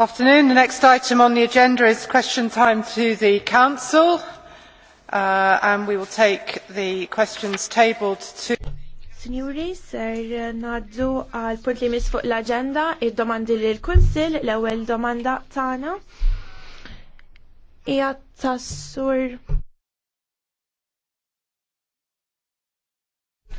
Afternoon. The next item on the agenda is question time to the Council, uh, and we will take the questions tabled to. Signori, ser naddu għal punt li mis fuq l-agenda, id-domandi li l-Kunsil, l-ewel domanda tana. Ija tassur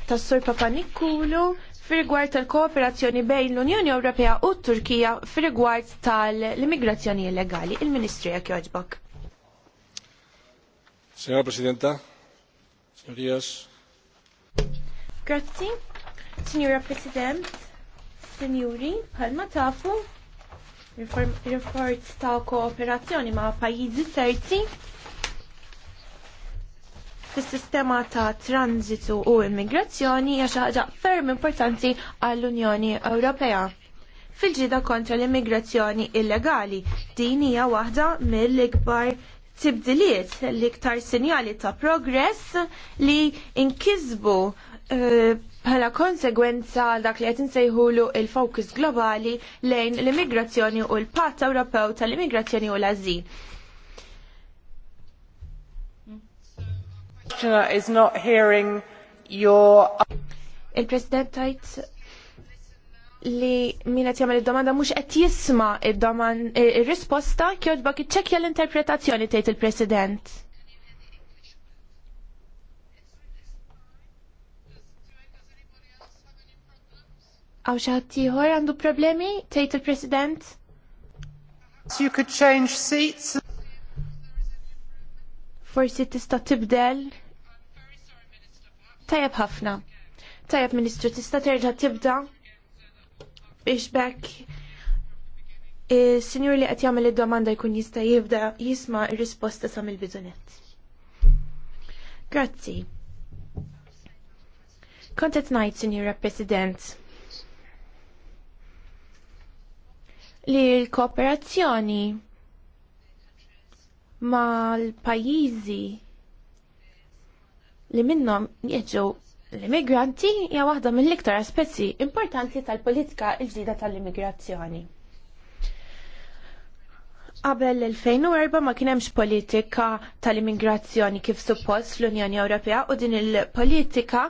tassur Papa Nikulu fir-rigward tal-kooperazzjoni bejn l-Unjoni Ewropea u t-Turkija fir-rigward tal-immigrazzjoni illegali. Il-Ministri għak joġbok. Signora Presidenta, signorijas. Grazzi, Signora President, Signori, palma tafu, il forz ta' kooperazzjoni ma' pajizi terzi fis-sistema ta' tranzitu u immigrazzjoni hija xi ħaġa ferm importanti għall-Unjoni Ewropea fil-ġida kontra l-immigrazzjoni illegali. Din hija waħda mill-ikbar tibdiliet l-iktar sinjali ta' progress li inkisbu eh, bħala uh, konsegwenza dak li qed insejħulu il-fokus globali lejn l-immigrazzjoni u l-Patt Ewropew tal-immigrazzjoni u l-Azil. Il-President tajt li min qed jagħmel id-domanda mhux qed jisma' ir-risposta kjodbok iċċekkja l-interpretazzjoni tgħid il-President. Għaw xaħat għandu problemi, tgħid il-President? you could change seats forsi tista' tibdel tajab ħafna. Tajab Ministru, tista' terġa' tibda biex bekk is-sinjur li qed jagħmel id-domanda jkun jista' jibda jisma' r-risposta sa mill-bidunet. Grazzi. Kont qed ngħid, Sinjura President, li l-kooperazzjoni mal-pajjiżi li minnhom jiġu l-immigranti hija waħda mill-iktar aspetti importanti tal-politika l-ġdida tal-immigrazzjoni. Qabel l-2004 ma kien hemmx politika tal-immigrazzjoni kif suppost fl-Unjoni Ewropea u din il-politika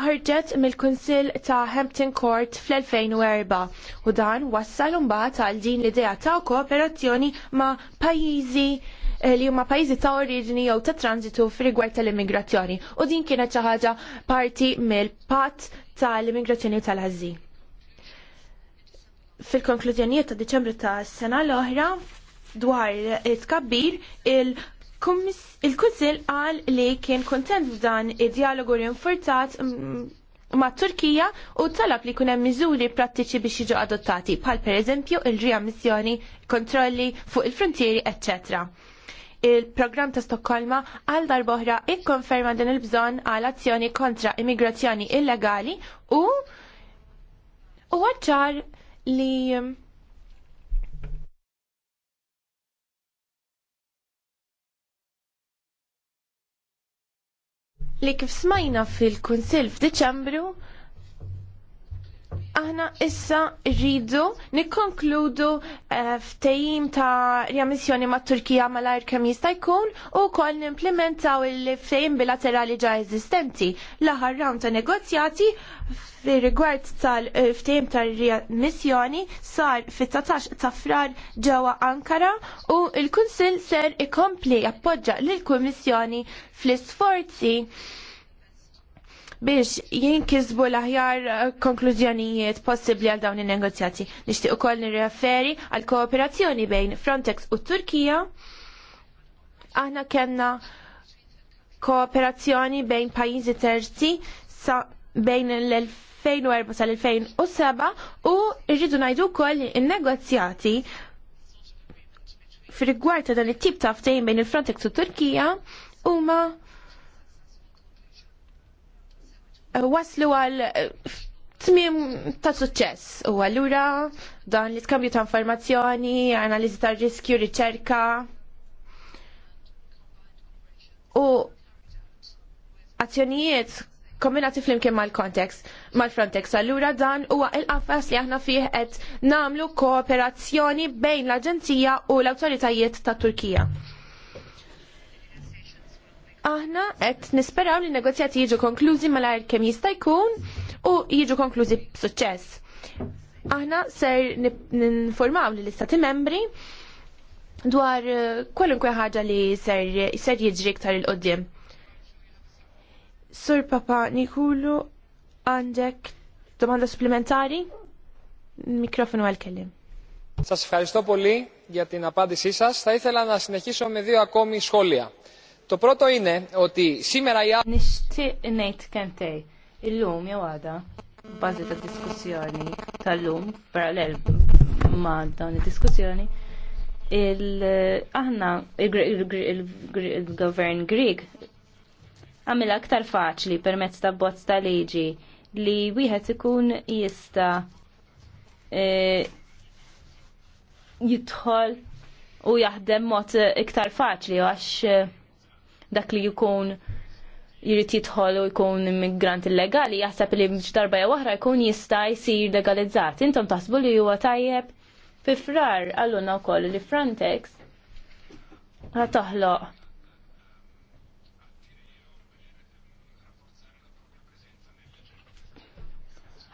ħarġet mill-Kunsill ta' Hampton Court fl-2004 u dan wassal mbagħad għal din l-idea ta' kooperazzjoni ma' pajjiżi eh, li huma pajjiżi ta' oriġini jew ta' transitu rigward tal-immigrazzjoni u din kienet xi ħaġa parti mill-patt tal-immigrazzjoni tal-Azzi. Fil-konklużjonijiet ta' Diċembru ta' sena l-oħra dwar it tkabbir il Il-Kunsil qal li kien kontent f'dan id-dialogu rinforzat mm, ma' Turkija u talab li kunem miżuri prattiċi biex jiġu adottati, bħal per eżempju il-riammissjoni, kontrolli fuq il-frontieri, eccetera il-programm ta' Stokkolma għal darboħra ikkonferma din il-bżon għal azzjoni kontra immigrazzjoni illegali u u għadċar li li kif smajna fil-Kunsil f'Diċembru aħna issa rridu nikkonkludu eh, ftejim ta' riammissjoni ma' Turkija malajr kemm jista' jkun u koll nimplementaw il-ftejim bilaterali ġa eżistenti l-aħħar round ta' negozjati rigward tal-ftejim ta' missjoni sar fit-19 ta' frar ġewwa Ankara u l-Kunsill ser ikompli appoġġa lill-Kummissjoni fl-isforzi biex jinkisbu l-aħjar eh, konklużjonijiet possibbli għal dawn in-negozjati. Nixtieq ukoll nirreferi għal kooperazzjoni bejn Frontex u Turkija. Aħna kellna kooperazzjoni bejn pajjiżi terzi sa bejn l-2004 sal-2007 u rridu ngħidu wkoll il negozjati fil-gwarta ta' dan it-tip ta' ftejn bejn il-Frontex u Turkija huma waslu għal eh, tmim ta' suċċess u għallura dan l-iskambju ta' informazzjoni, analiżi ta' riskju, riċerka u azzjonijiet kombinati flimkien mal-kontekst, mal-Frontex. Allura dan huwa il-qafas li aħna fih qed namlu kooperazzjoni bejn l-Aġenzija u l-awtoritajiet ta' Turkija aħna qed nisperaw li negozjati jiġu konklużi malajr kemm jista' jkun u jiġu konklużi b'suċċess. Aħna ser ninformaw li l-istati membri dwar eh, kwalunkwe ħaġa li ser, ser jiġri iktar il-qoddim. Sur Papa Nikulu, għandek domanda supplementari? Mikrofonu għal-kellim. Σας ευχαριστώ πολύ για την απάντησή σας. Θα ήθελα να συνεχίσω με δύο ακόμη σχόλια. Το πρώτο είναι ότι σήμερα η Nixtieq ngħid kentej illum jew għada bażi ta' diskussjoni tal-lum parallel ma' dawn id-diskussjoni aħna il-govern Grieg għamil aktar faċli permezz ta' bozz ta' liġi li wieħed ikun jista' e, jidħol u jaħdem mod iktar faċli għax dak li jkun jrid jidħol u jkun immigrant illegali, jaħseb li darba jew oħra jkun jista' jsir legalizzat. Intom taħsbu li huwa tajjeb fi frar għalluna wkoll li Frontex ħad toħloq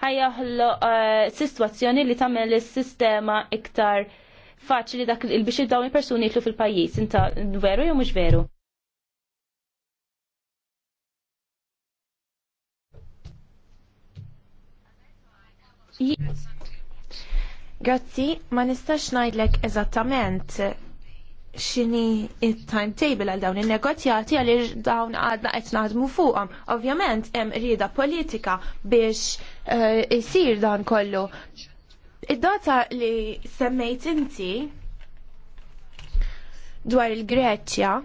ħajjaħloq eh, sitwazzjoni li tagħmel is-sistema iktar faċli dak il biex dawn il-persuni jitlu fil-pajjiż. Inta veru jew mhux veru? Grazzi, ma nistax ngħidlek eżattament xini il-timetable għal dawn il-negozjati għal dawn għadna qed naħdmu fuqhom. Ovvjament hemm rieda politika biex eh, isir dan kollu. Id-data li semmejt inti dwar il-Greċja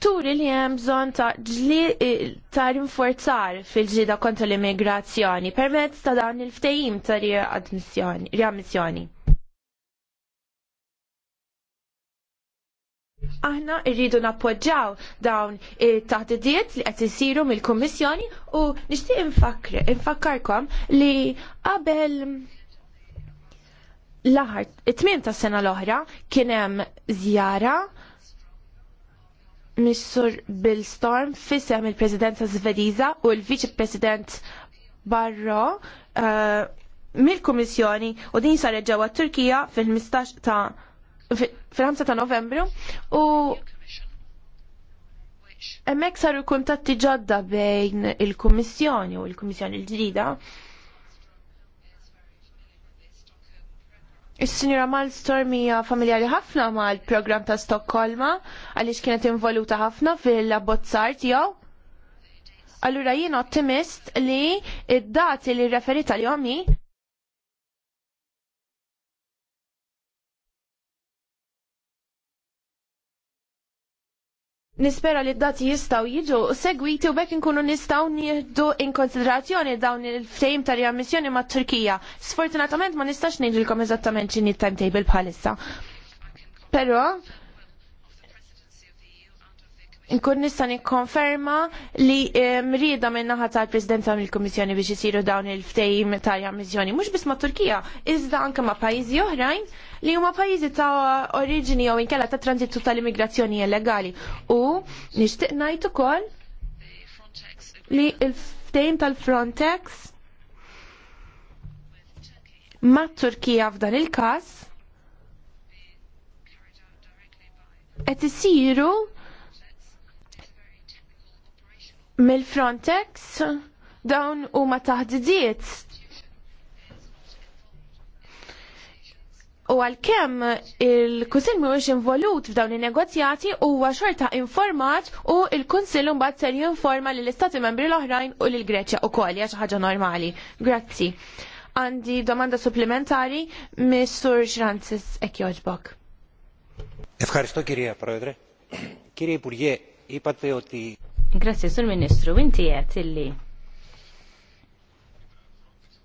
turi li hemm bżonn ta' ġli eh, ta' rinforzar fil-ġlida kontra l-immigrazzjoni permezz ta' dawn il-ftehim ta' riammissjoni. Aħna rridu nappoġġaw dawn it-taħdidiet li qed isiru mill-Kummissjoni u nixtieq infakkarkom li qabel l-aħar, it-tmiem tas-sena l-oħra kien hemm żjara Missur Bill Storm fissem il-Presidenza Svediza u l-Vice President Barro uh, mill-Kummissjoni u din saret ġewwa Turkija fil-15 ta' fil-5 ta' Novembru u hemmhekk saru kuntatti ġodda bejn il-Kummissjoni u l-Kummissjoni l-ġdida Is-Sinjura Malstorm hija familjari ħafna mal-programm ta' Stokkolma għaliex kienet involuta ħafna fil-abbozzar tiegħu. Allura jien ottimist li id-dati li referita li jomi Nispera li d-dati jistaw jiġu segwiti u bekk nkunu nistaw nieħdu in konsiderazzjoni dawn il-frame ta' riammissjoni ma' Turkija. Sfortunatament ma nistax ngħidilkom eżattament x'inhi timetable bħalissa. Però nkun nista' nikkonferma li eh, mrieda minn naħa tal-Presidenza mill-Kummissjoni biex isiru dawn il-ftehim ta' riammissjoni mhux biss ma' Turkija, iżda anke ma' pajjiżi oħrajn li huma pajjiżi ta' oriġini jew inkella ta' tranzitu tal-immigrazzjoni illegali u nixtieq ngħid ukoll li l-ftehim tal-Frontex mat Turkija f'dan il-każ qed isiru mill-Frontex dawn huma taħdidiet U għal-kem il-Kunsil mhuwiex involut f'dawn in-negozjati huwa xorta informat u il-Kunsil mbagħad ser jinforma lill istati membri l-oħrajn u l Greċja u hija xi ħaġa normali. Grazzi. Għandi domanda supplementari mis-Sur Francis Ekjoġbok. Efkaristo kirja, Prodre. Kirja Purje, i fejoti. Grazzi, Sur Ministru, inti qed illi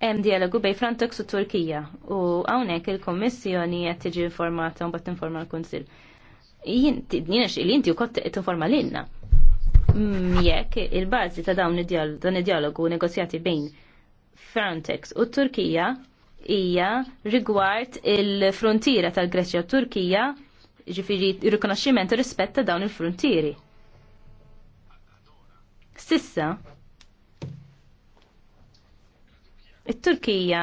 hemm dialogu bej Frontex u Turkija u hawnhekk il-Kommissjoni qed tiġi informata u mbagħad tinforma l-Kunsill. Jien inti wkoll tinforma lilna. Mm, jekk il-bażi ta' dawn dan id-dialogu negozjati bejn Frontex u Turkija hija rigward il-frontiera tal-Greċja u Turkija ġifiri rikonoxximent u rispett ta' dawn il-frontieri. Sissa, It-Turkija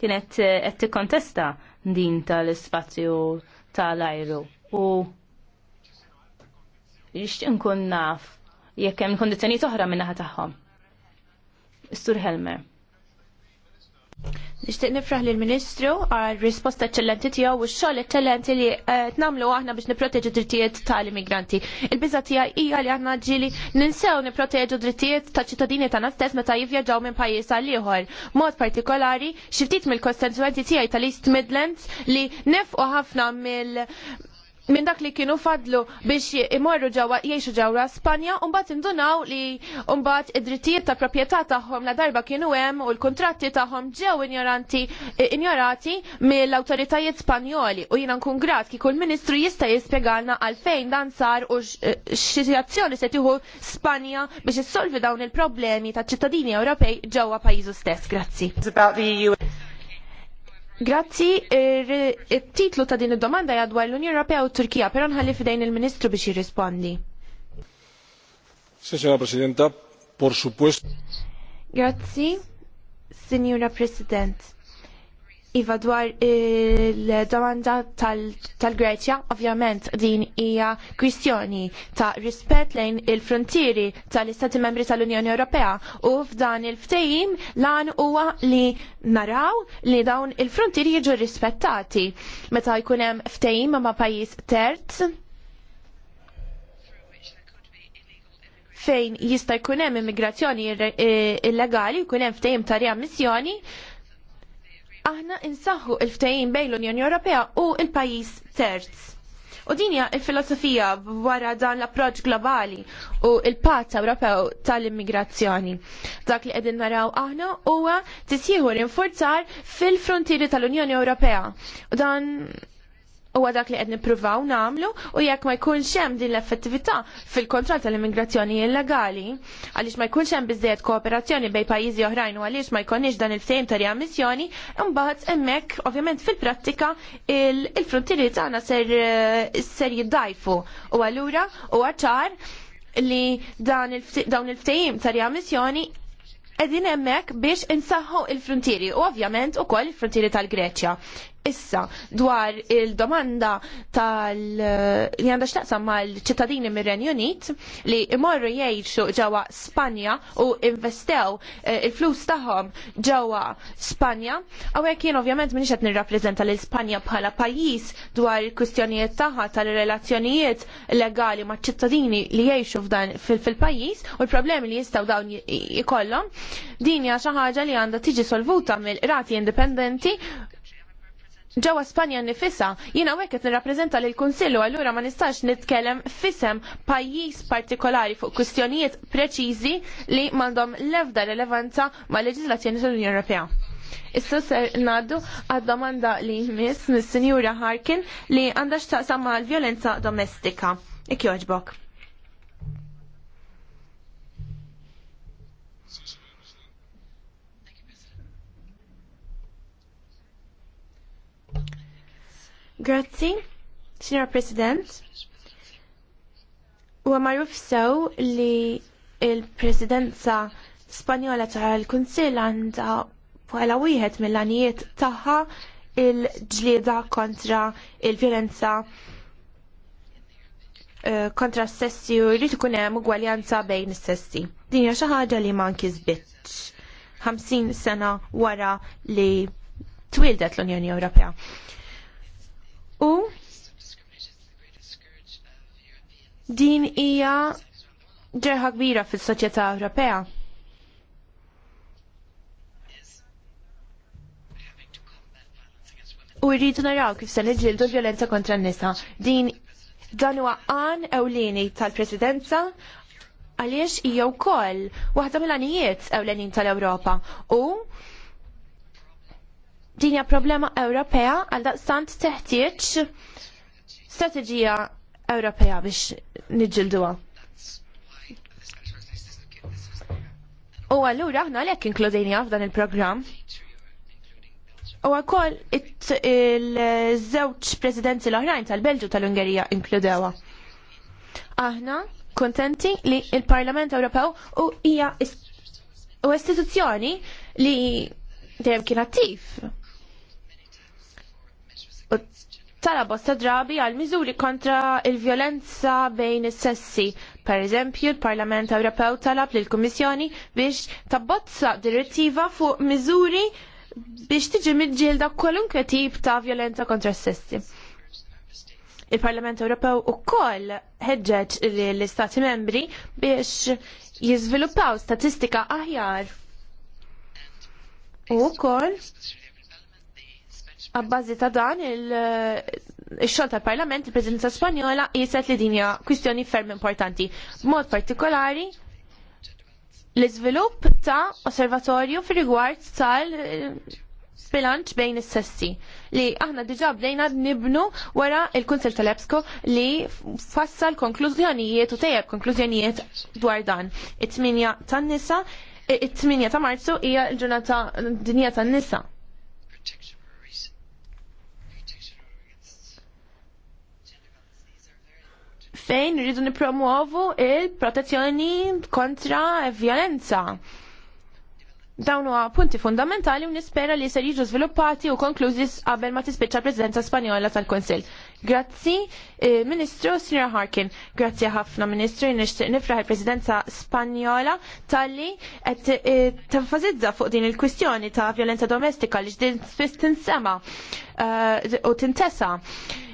kienet eh, qed tikkontesta din tal-ispazju tal-ajru u jixtieq nkun naf jekk hemm kondizzjonijiet oħra min-naħa tagħhom. Istur Helmer. Nishtiq nifraħ lill ministru għal risposta ċellenti tiegħu u x-xogħol eċċellenti li qed eh, nagħmlu aħna biex nipproteġu drittijiet tal-immigranti. Il-biża tiegħu hija li aħna ġieli ninsew nipproteġu drittijiet ta' ċittadini tagħna stess meta jivvjaġġaw minn pajjiż għal ieħor. Mod partikolari xi ftit mill-kostenzuenti tiegħi tal-East Midlands li nefqu ħafna mill minn dak li kienu fadlu biex imorru ġewwa jiexu ġewwa Spanja u mbagħad indunaw li mbagħad id-drittijiet ta' proprjetà tagħhom la darba kienu hemm u l-kuntratti tagħhom ġew ignoranti eh, ignorati mill-awtoritajiet Spanjoli u jina nkun grat ki kull ministru jista' jispjegalna għalfejn dan sar u x'sitwazzjoni eh, se tieħu Spanja biex jissolvi dawn il-problemi ta' ċittadini Ewropej ġewwa pajjiżu stess. Grazzi. Grazzi, il-titlu ta' din id-domanda jadwar l-Unjoni Ewropea u Turkija, però nħalli fidejn il-Ministru biex jirrispondi. Signora Presidenta, por supuesto. Grazzi, Signora President. Iva dwar il-domanda tal-Greċja, tal ovvjament din hija kwistjoni ta' rispett lejn il-frontieri tal-Istati Membri tal-Unjoni Ewropea u f'dan il ftejim lan huwa li naraw li dawn il-frontieri jiġu rispettati meta jkun hemm ftehim ma' pajjiż terz fejn jista' jkun hemm immigrazzjoni eh, illegali, jkun hemm ftehim ta' riammissjoni, missjoni aħna insaħħu il ftajin bejn l-Unjoni Ewropea u l-pajjiż terz. U din hija l-filosofija wara dan l-approċ globali u il pat Ewropew tal-immigrazzjoni. Dak li qegħdin naraw aħna huwa tisjieħu rinforzar fil-frontieri tal-Unjoni Ewropea. U dan u għadak li għedni pruvaw namlu u jekk ma jkunx hemm din l-effettività fil-kontroll tal-immigrazzjoni illegali, għaliex ma jkunx hemm biżdejjed kooperazzjoni bej pajjiżi oħrajn u għaliex ma jkunx dan il-ftehim ta' riammissjoni, imbagħad hemmhekk ovvjament fil-prattika il-frontieri tagħna ser eh, ser jiddajfu u allura u għacħar li dawn il ftejim ta' riammissjoni għedin emmek biex insaħħu il-frontieri u ovvjament u koll il-frontieri tal-Greċja. Issa, dwar il-domanda tal li għandha xtaqsam mal-ċittadini mir-Renju Unit li imorru jgħixu ġewwa Spanja u investew eh, il-flus tagħhom ġewwa Spanja, hawnhekk jien ovvjament m'iniex qed nirrappreżenta lil Spanja bħala pajjiż dwar il-kwistjonijiet tagħha tal-relazzjonijiet legali maċ-ċittadini li jgħixu f'dan fil-pajjiż u l-problemi li jistgħu dawn ikollhom. Din hija xi ħaġa li għandha tiġi solvuta mill rati indipendenti ġewwa Spanja nifisa, jiena hekk qed nirrappreżenta lil kunsillu allura ma nistax nitkellem fisem pajjiż partikolari fuq kwistjonijiet preċiżi li m'għandhom l-ebda rilevanza mal leġiżlazzjoni tal-Unjoni Ewropea. Issa ser naddu għad-domanda li jmiss mis-Sinjura Harkin li għandha x'taqsam mal-vjolenza domestika. Ikjoġbok. Grazzi, Signor President. Huwa marruf sew li il-presidenza Spanjola tal-Kunsill għandha bħala wieħed mill-għanijiet tagħha il-ġlieda kontra il-violenza eh, kontra s-sessi u jrid ikun hemm ugwaljanza bejn is-sessi. Din hija xi ħaġa li ma nkisbitx 50 sena wara li twildet l-Unjoni Ewropea u din hija ġerħa kbira fis-soċjetà Ewropea. U rridu naraw kif se niġġieldu violenza kontra n-nisa. Din dan huwa qan ewlieni tal-Presidenza għaliex hija wkoll waħda mill-għanijiet ewlenin tal-Ewropa u dinja problema Ewropea għal daqstant teħtieġ strateġija Ewropea biex niġilduha. U għallura aħna għalhekk inkludejnija f'dan il-programm. U għakoll il-żewġ presidenti l-oħrajn tal-Belġu tal-Ungerija inkludewa. Aħna kontenti li il-Parlament Ewropew u hija u istituzzjoni li dejjem kien attiv tara bosta drabi għal miżuri kontra il-violenza bejn is-sessi. Per eżempju, il-Parlament Ewropew talab lill kummissjoni biex tabbozza direttiva fuq miżuri biex tiġi midġilda kwalunkwe tip ta' violenza kontra s-sessi. Il-Parlament Ewropew ukoll ħeġġeġ l-Istati membri biex jizviluppaw statistika aħjar. U koll Għabbażi ta' dan il eh, xogħol tal-Parlament, il-Presidenza Spanjola jiset li dinja kwistjoni ferm importanti. B'mod partikolari, l-izvilupp ta' osservatorju fi rigward tal bilanċ bejn is-sessi li aħna diġà bdejna nibnu wara il-Kunsel tal-EBSCO li fassal konklużjonijiet u tejjeb konklużjonijiet dwar dan. It-tminja tan-nisa, it-tminja ta' Marzu hija l-ġurnata dinja tan-nisa. fejn rridu nipromuovu il-protezzjoni kontra violenza. Dawn huwa punti fundamentali u nispera li ser jiġu żviluppati u konklużi qabel ma tispiċċa Presidenza Spanjola tal-Kunsill. Grazzi, eh, Ministru Sinra Harkin. Grazzi ħafna, Ministru, nixtieq nifraħ il-Presidenza Spanjola tal-li qed eh, tenfasizza fuq din il-kwistjoni ta' violenza domestika li ġdin spiss tinsema eh, u tintesa.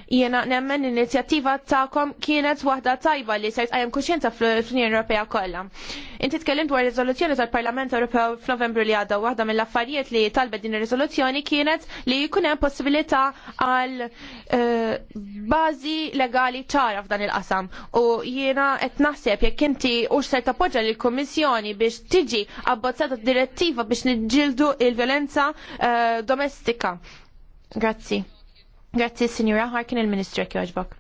Jiena nemmen l-inizjattiva ta'kom kienet waħda tajba li sejt għajem kuxjenza fl-Unjoni Ewropea kollha. Inti tkellimt dwar riżoluzzjoni tal-Parlament Ewropew f'Novembru li għadda waħda mill-affarijiet li talbet din ir-riżoluzzjoni kienet li jkun hemm possibilità għal eh, bażi legali ċara f'dan il-qasam. U jiena qed naħseb jekk inti hux se tappoġġa lill kummissjoni biex tiġi abbozzata direttiva biex niġġieldu il-violenza eh, domestika. Grazzi. Grazzi, Signora Harkin, il-Ministru Kjoġbok.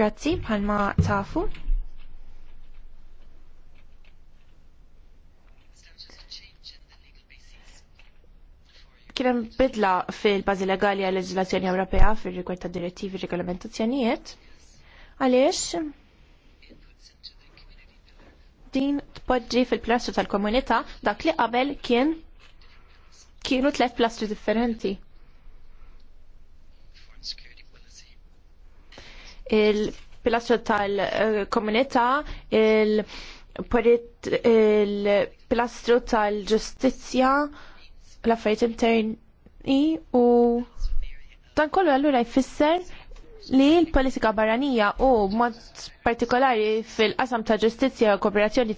Grazzi, Palma tafu. hemm bidla fil-bazi legali għal leġislazzjoni Ewropea fil rigward ta' direttivi regolamentazzjonijiet. Għaliex? Din tpoġġi fil-plastru tal-komunità dak li qabel kien kienu tlet plastru differenti. Il-pilastru tal-komunità, il-pilastru tal-ġustizja, l-affarijiet interni u dan kollu allura jfisser li l-politika barranija u mod partikolari fil-qasam ta' ġustizzja u kooperazzjoni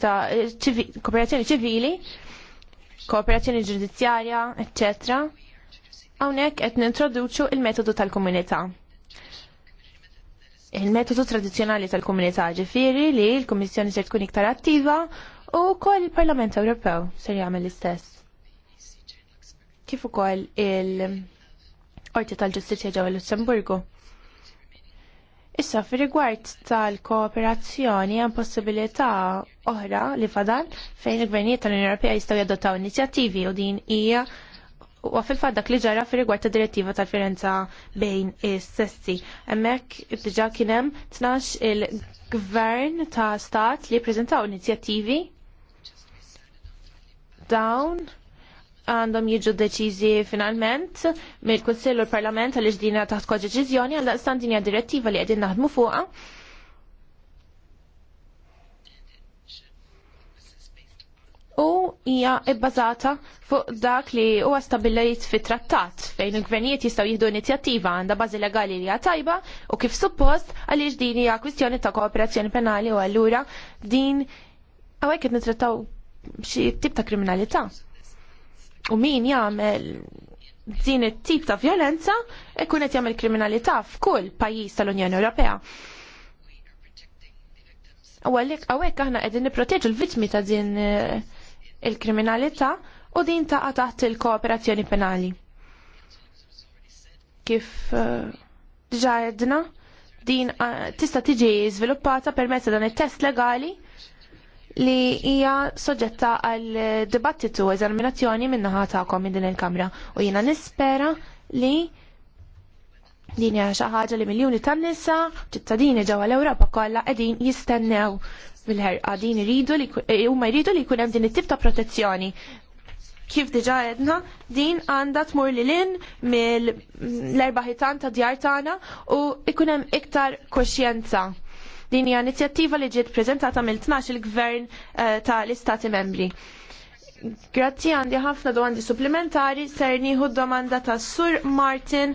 ċivili, kooperazzjoni ġudizzjarja, eccetera, hawnhekk qed nintroduċu il-metodu tal-komunità. Il-metodu tradizzjonali tal-komunità ġifieri li l-Kummissjoni se tkun iktar attiva u wkoll il-Parlament Ewropew ser jagħmel l-istess. Kif ukoll il-Qorti tal-Ġustizzja ġewwa Lussemburgu. Issa fi rigward tal-kooperazzjoni hemm possibilità oħra li fadal fejn il-gvernijiet tal-Unjoni Ewropea jistgħu jadottaw inizjattivi u din hija u fil fad dak li ġara fi rigward ta' direttiva tal-Firenza bejn is-sessi. Hemmhekk diġà kien hemm tnax il-gvern ta' stat li ppreżentaw inizjattivi dawn għandhom jiġu deċiżi finalment mill-Kunsill u l-Parlament għal ġdina taħt kodeċiżjoni għal standinja direttiva li qegħdin naħdmu fuqha. U hija bbażata fuq dak li huwa stabbilit fit-trattat fejn il-gvernijiet jistgħu jieħdu inizjattiva għandha bażi legali li hija tajba u kif suppost għaliex din hija kwistjoni ta' kooperazzjoni penali u allura din hawnhekk qed nitrattaw xi tip ta' kriminalità u min jagħmel din it-tip ta' violenza ikun qed jagħmel kriminalità f'kull pajjiż tal-Unjoni Ewropea. U għalhekk hawnhekk aħna qegħdin nipproteġu l-vittmi ta' din eh, il-kriminalità u din taqa' taħt il-kooperazzjoni penali. Kif eh, diġa għedna din eh, tista' tiġi żviluppata permezz dan it-test legali li hija soġġetta għal dibattitu u eżaminazzjoni minnaħa tagħkom minn din il-Kamra u jiena nispera li din hija xi ħaġa li miljuni tan-nisa ċittadini ġewwa l-Ewropa kollha qegħdin jistennew bil-ħerqa din iridu li eh, huma jridu li jkun hemm din it-tip ta' protezzjoni kif diġa għedna din għanda tmur li l-in mill-erbaħitan ta' djar tagħna u ikunem iktar koxjenza Din hija inizjattiva li ġiet preżentata mill-12 il-Gvern eh, tal-Istati Membri. Grazzi għandi ħafna domandi supplementari, ser nieħu domanda ta' Sur Martin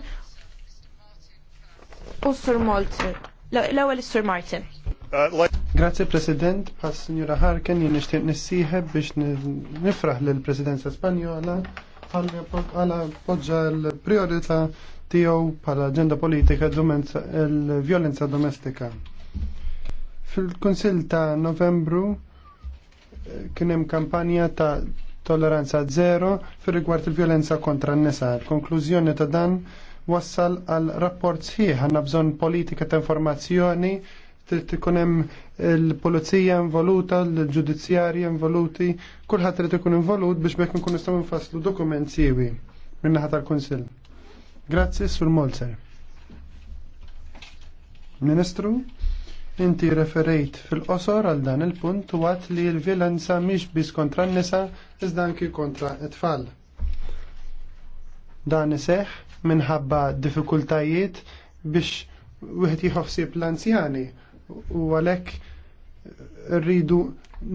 u Sur Molter. L-ewwel is-Sur Martin. Grazie President, pas Signora Harken jien nixtieq nissieħeb biex nifraħ lill presidenza Spanjola għala poġġa l-priorità tiegħu bħala aġenda politika il-vjolenza domestika fil konsil ta' Novembru eh, kien hemm kampanja ta' toleranza zero fil rigward il-vjolenza kontra n-nisa. Il-konklużjoni ta' dan wassal għal rapport sħiħ għandna bżonn politika ta' informazzjoni trid ikun hemm il-pulizija involuta, l-ġudizzjarja involuti, kulħadd trid ikun involut biex bekk nkun nistgħu nfasslu dokument siewi min-naħa tal-Kunsill. Grazzi, Sur Molzer. Ministru? Inti referejt fil-qosor għal dan il-punt u għat li l-violenza miex bis kontra n-nisa iżda anki kontra it-tfal. Dan iseħ minħabba diffikultajiet biex wieħed jħossib l-anzjani u għalhekk rridu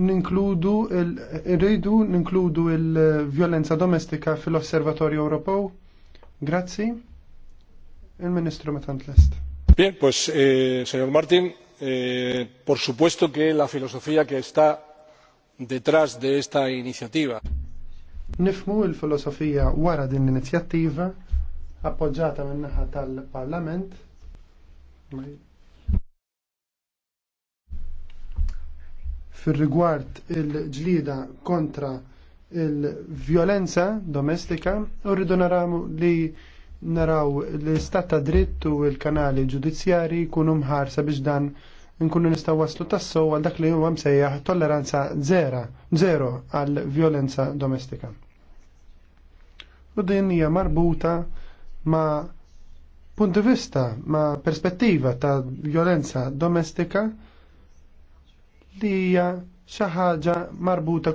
ninkludu rridu ninkludu il-violenza domestika fil-Osservatorju Ewropew. Grazzi. Il-Ministru Metant Lest. Bien, pues, eh, señor Martin, Eh, por supuesto que la filosofía que está detrás de esta iniciativa. Nifmu il-filosofija wara din l-inizjattiva appoġġata minn naħa tal-Parlament fir-rigward il-ġlida kontra il domestika naramu li naraw l-istat ta' dritt u l-kanali ġudizzjari jkunu mħarsa biex dan nkunu nistaw waslu tassu għal dak li huwa msejjaħ tolleranza zera, zero għal violenza domestika. U din hija marbuta ma' punti vista, ma' perspettiva ta' violenza domestika li hija xi ħaġa marbuta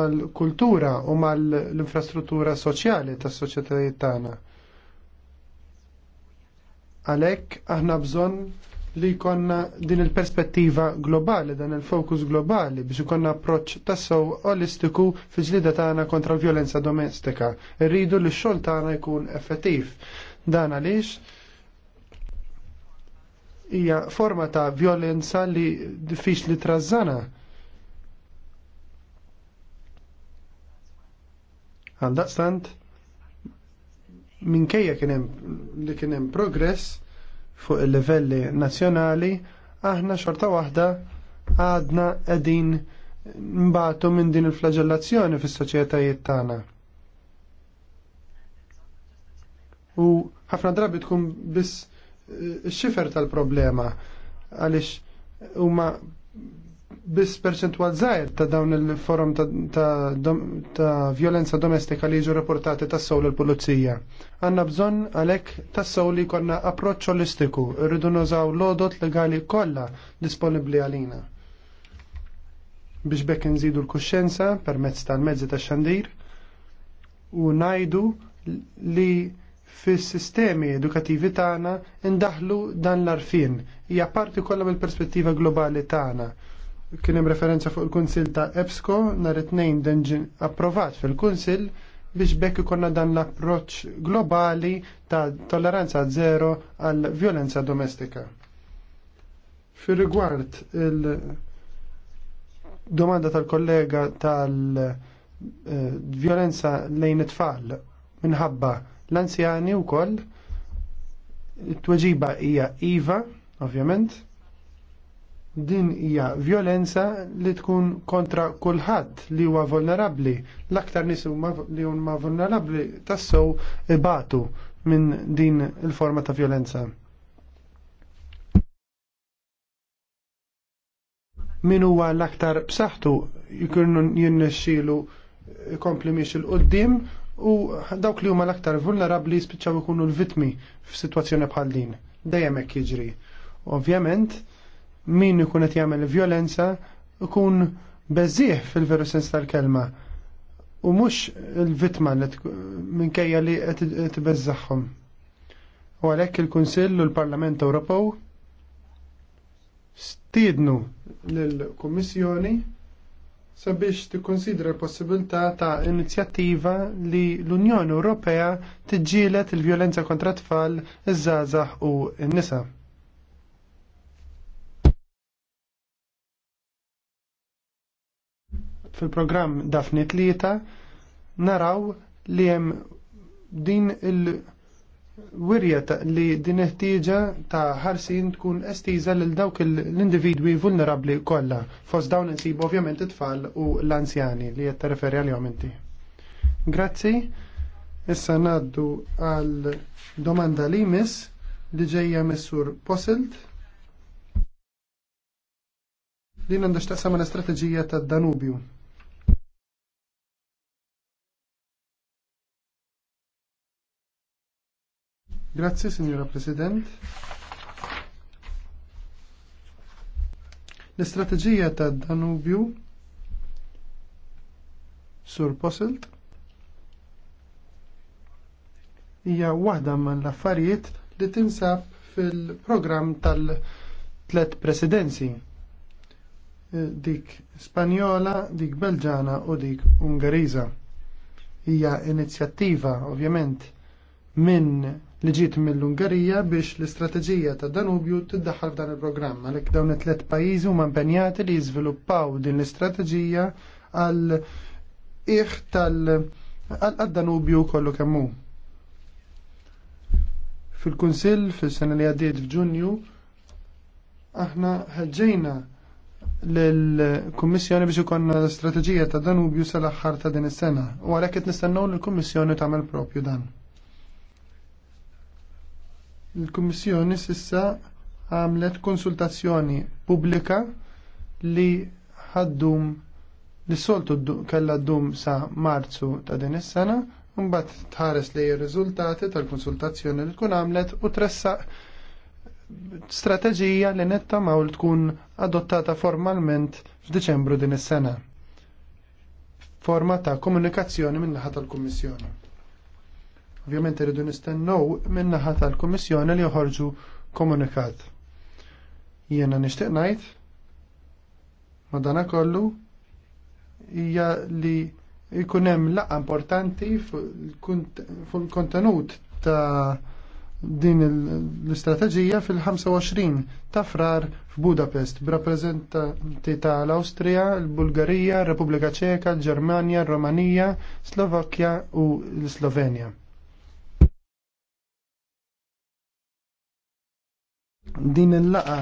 mal-kultura u mal-infrastruttura soċjali tas-soċjetajiet tagħna. Għalhekk aħna bżonn li jkollna din il-perspettiva globali, dan il-fokus globali biex ikonna approċċ tassaw olistiku fi ġlida tagħna kontra l-vjolenza domestika. Irridu li x-xogħol tagħna jkun effettiv. Dan għaliex hija forma ta' violenza li diffiċ li trażana. Għaldaqstant, minkejja li kien hemm progress fuq il-livelli nazzjonali, aħna xorta waħda għadna qegħdin mbatu minn din il-flagellazzjoni fis-soċjetajiet tagħna. U ħafna drabi tkun biss eh, xifer tal-problema għaliex huma biss percentual zaħir ta' dawn il-forum ta', ta, ta violenza domestika li jiġu reportati tas sowl il pulizija Għandna bżonn għalhekk tas-sow li jkollna approċċ holistiku rridu nużaw lodot legali kollha disponibbli għalina. Biex bekk nżidu l-kuxxenza permezz tal-mezzi tax-xandir u ngħidu li fis-sistemi edukattivi tagħna indaħlu dan l-arfin hija parti kollha mill-perspettiva globali tagħna kien hemm referenza fuq il-Kunsill ta' EBSCO nhar it-tnejn denġin approvat fil-Kunsill biex bekk ikonna dan l-approċ globali ta' tolleranza zero għal violenza domestika. Fir rigward il-domanda tal-kollega tal-violenza eh, lejn it-tfal minħabba l-anzjani u koll, it-tweġiba hija IVA, ovvjament, din hija violenza li tkun kontra kulħadd li huwa vulnerabbli. L-aktar nies li huma vulnerabbli tassew ibatu minn din il-forma ta' violenza. Min huwa l-aktar b'saħħtu jkunu jinnexxielu jkompli miex il qudiem u dawk li huma l-aktar vulnerabbli spiċċaw ikunu l-vitmi f'sitwazzjoni bħal din. Dejjem hekk jiġri. Ovvjament, min ikun qed jagħmel violenza ikun beżieħ fil-veru sens tal-kelma u mhux il-vittma li minkejja li qed tbeżżaħħhom. U għalhekk il-Kunsill u l-Parlament Ewropew stiednu lill-Kummissjoni sabiex tikkonsidra l-possibilità ta' inizjattiva li l-Unjoni Ewropea tiġġielet il-vjolenza kontra t tfal, iż-żgħażagħ u n-nisa. fil-programm Dafni Tlieta naraw li hemm din il-wirja li din ħtieġa ta' ħarsin tkun estiża lil dawk l-individwi vulnerabbli kollha fost dawn insibu ovvjament it-tfal u l-anzjani li qed tirreferi għalihom inti. Grazzi. Issa naddu għal domanda li mis li ġejja missur Posilt. Din għandu xtaqsam l-istrateġija tad Danubju. Grazzi, Signora President. L-istrateġija ta' Danubju sur Posselt hija waħda man l-affarijiet li tinsab fil-programm tal-tlet presidenzi eh, dik Spanjola, dik Belġana u dik Ungariża. Hija inizjattiva ovvjament minn li ġiet mill-Ungarija biex l-istrateġija ta' Danubju tiddaħħal f'dan il-programm għalhekk dawn it-tliet pajjiżi huma impenjati li jiżviluppaw din l-istrateġija għal iħ tal danubju kollu kemm hu. Fil-Kunsill fis-sena li għaddiet f'Ġunju aħna ħeġġejna l-Kummissjoni biex l strateġija ta' Danubju sal-aħħar ta' din is-sena u għalhekk qed nistennew lill-Kummissjoni tagħmel propju dan. Il-Kummissjoni sissa għamlet konsultazzjoni pubblika li ħaddum li soltu d ddum sa marzu ta' din is-sena mbagħad tħares li r-riżultati tal-konsultazzjoni li tkun għamlet u tressaq strateġija li ma' li tkun adottata formalment f'Diċembru din is-sena. Forma ta' komunikazzjoni minn naħa tal-Kummissjoni. Ovvjament irridu nistennew min-naħa tal-Kummissjoni li joħorġu komunikat. Jiena nixtieq ngħid madana kollu hija li jkun hemm laqgħa importanti fuq il-kontenut ta' din l-istrateġija fil-25 ta' frar f'Budapest b'rappreżentanti tal awstrija l-Bulgarija, Repubblika Ċeka, l-Ġermanja, r-Romanija, Slovakkja u l-Slovenja. Din il-laqa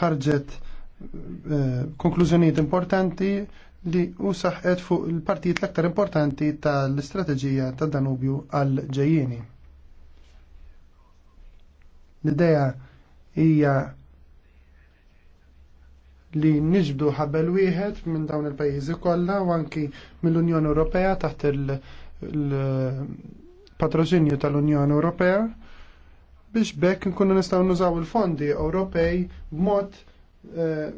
ħarġet eh, konklużjonijiet importanti li u saħqet fuq il-partijiet l-aktar importanti tal-istrateġija ta' Danubju għal ġejjieni. L-idea hija li niġbdu ħabel wieħed minn dawn il-pajjiżi kollha u anki mill-Unjoni Ewropea taħt il patroġinju tal-Unjoni Ewropea biex bekk nkunu nistgħu nużaw il-fondi Ewropej b'mod eh,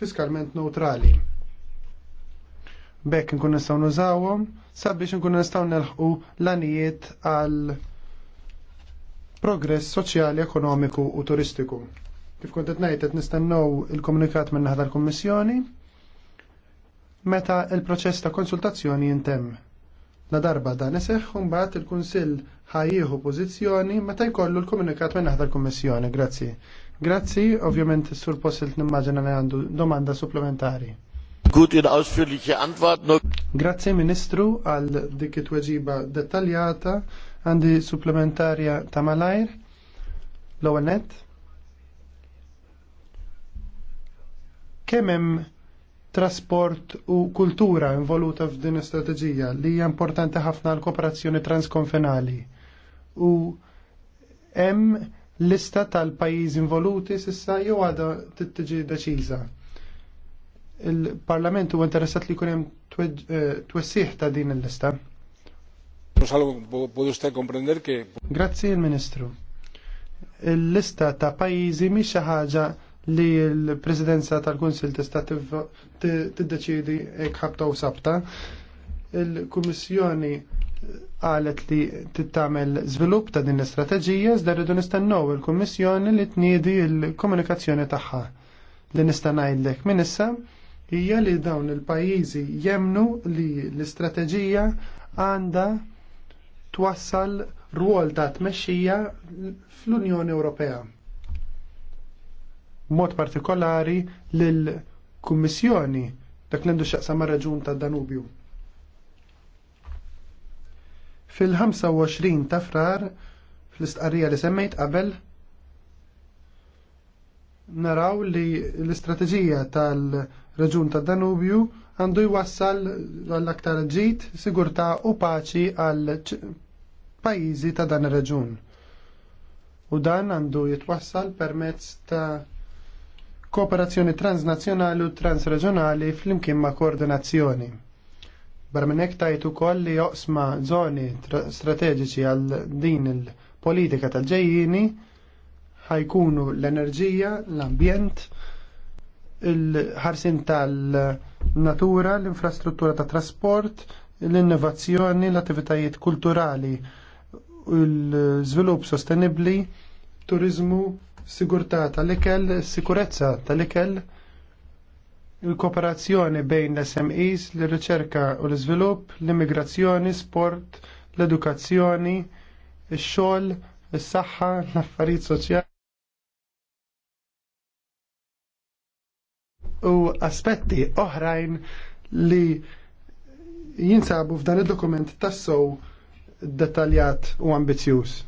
fiskalment neutrali. Bekk nkunu nistgħu nużawhom sabiex nkunu nistgħu nelħqu l-anijiet għal progress soċjali, ekonomiku u turistiku. Kif kont qed ngħid qed nistennew il-komunikat minn naħa tal-Kummissjoni meta il-proċess ta' konsultazzjoni jintemm. La darba dan iseħħ mbagħad il-Kunsill ħajjieħu pożizzjoni meta jkollu l-komunikat minn l kummissjoni. Grazzi. Grazzi, ovvjament sur possilt nimmaġina li għandu domanda supplementari. Gut in ausführliche Antwort. Grazzi Ministru għal dik it-tweġiba dettaljata għandi supplementarja ta' malajr. Lowenet. Kemm hemm trasport u kultura involuta f'din istrateġija li hija importanti ħafna l kooperazzjoni transkonfenali. U hemm lista tal-pajjiżi involuti s'issa jew għadha tittiġi deċiża. Il-Parlament huwa interessat li jkun hemm eh, twessih ta' din il-lista. Grazzi il-Ministru. Il-lista ta' pajjiżi mhix xi ħaġa li l-presidenza tal-Kunsil tista' tiddeċidi hekk ħabta u sabta. Il-Kummissjoni qalet li tittamel żvilupp ta' din l-istrateġija iżda rridu nistennew il-Kummissjoni li tniedi l-komunikazzjoni tagħha. Li nista' ngħidlek minn issa hija li dawn il-pajjiżi jemnu li l-istrateġija għandha twassal rwol ta' tmexxija fl-Unjoni Ewropea mod partikolari lill-Kummissjoni dak l-għandu xaqsam raġun ta' Danubju. Fil-25 ta' frar, fl-istqarrija li semmejt qabel, naraw li l-istrateġija tal-raġun ta' Danubju għandu jwassal għall-aktar ġit, sigurta u paċi għal pajizi ta' dan ir-raġun. U dan għandu jitwassal permezz ta' kooperazzjoni transnazzjonali u transreġjonali flimkien ma' koordinazzjoni. Barmenek hekk tajtu ukoll li joqsma żoni strateġiċi għal din il-politika tal-ġejjini ħajkunu l-enerġija, l-ambjent, il-ħarsin tal-natura, l-infrastruttura ta' trasport, l-innovazzjoni, l-attivitajiet kulturali, l-żvilupp sostenibli, turizmu, sigurtà tal-ikel, sikurezza tal-ikel, il-kooperazzjoni bejn l-SMEs, l-riċerka u l-iżvilupp, l-immigrazzjoni, sport, l-edukazzjoni, ix-xogħol, is-saħħa, l-affarijiet soċjali. U aspetti oħrajn li jinsabu f'dan id-dokument tassow dettaljat u ambizjuż.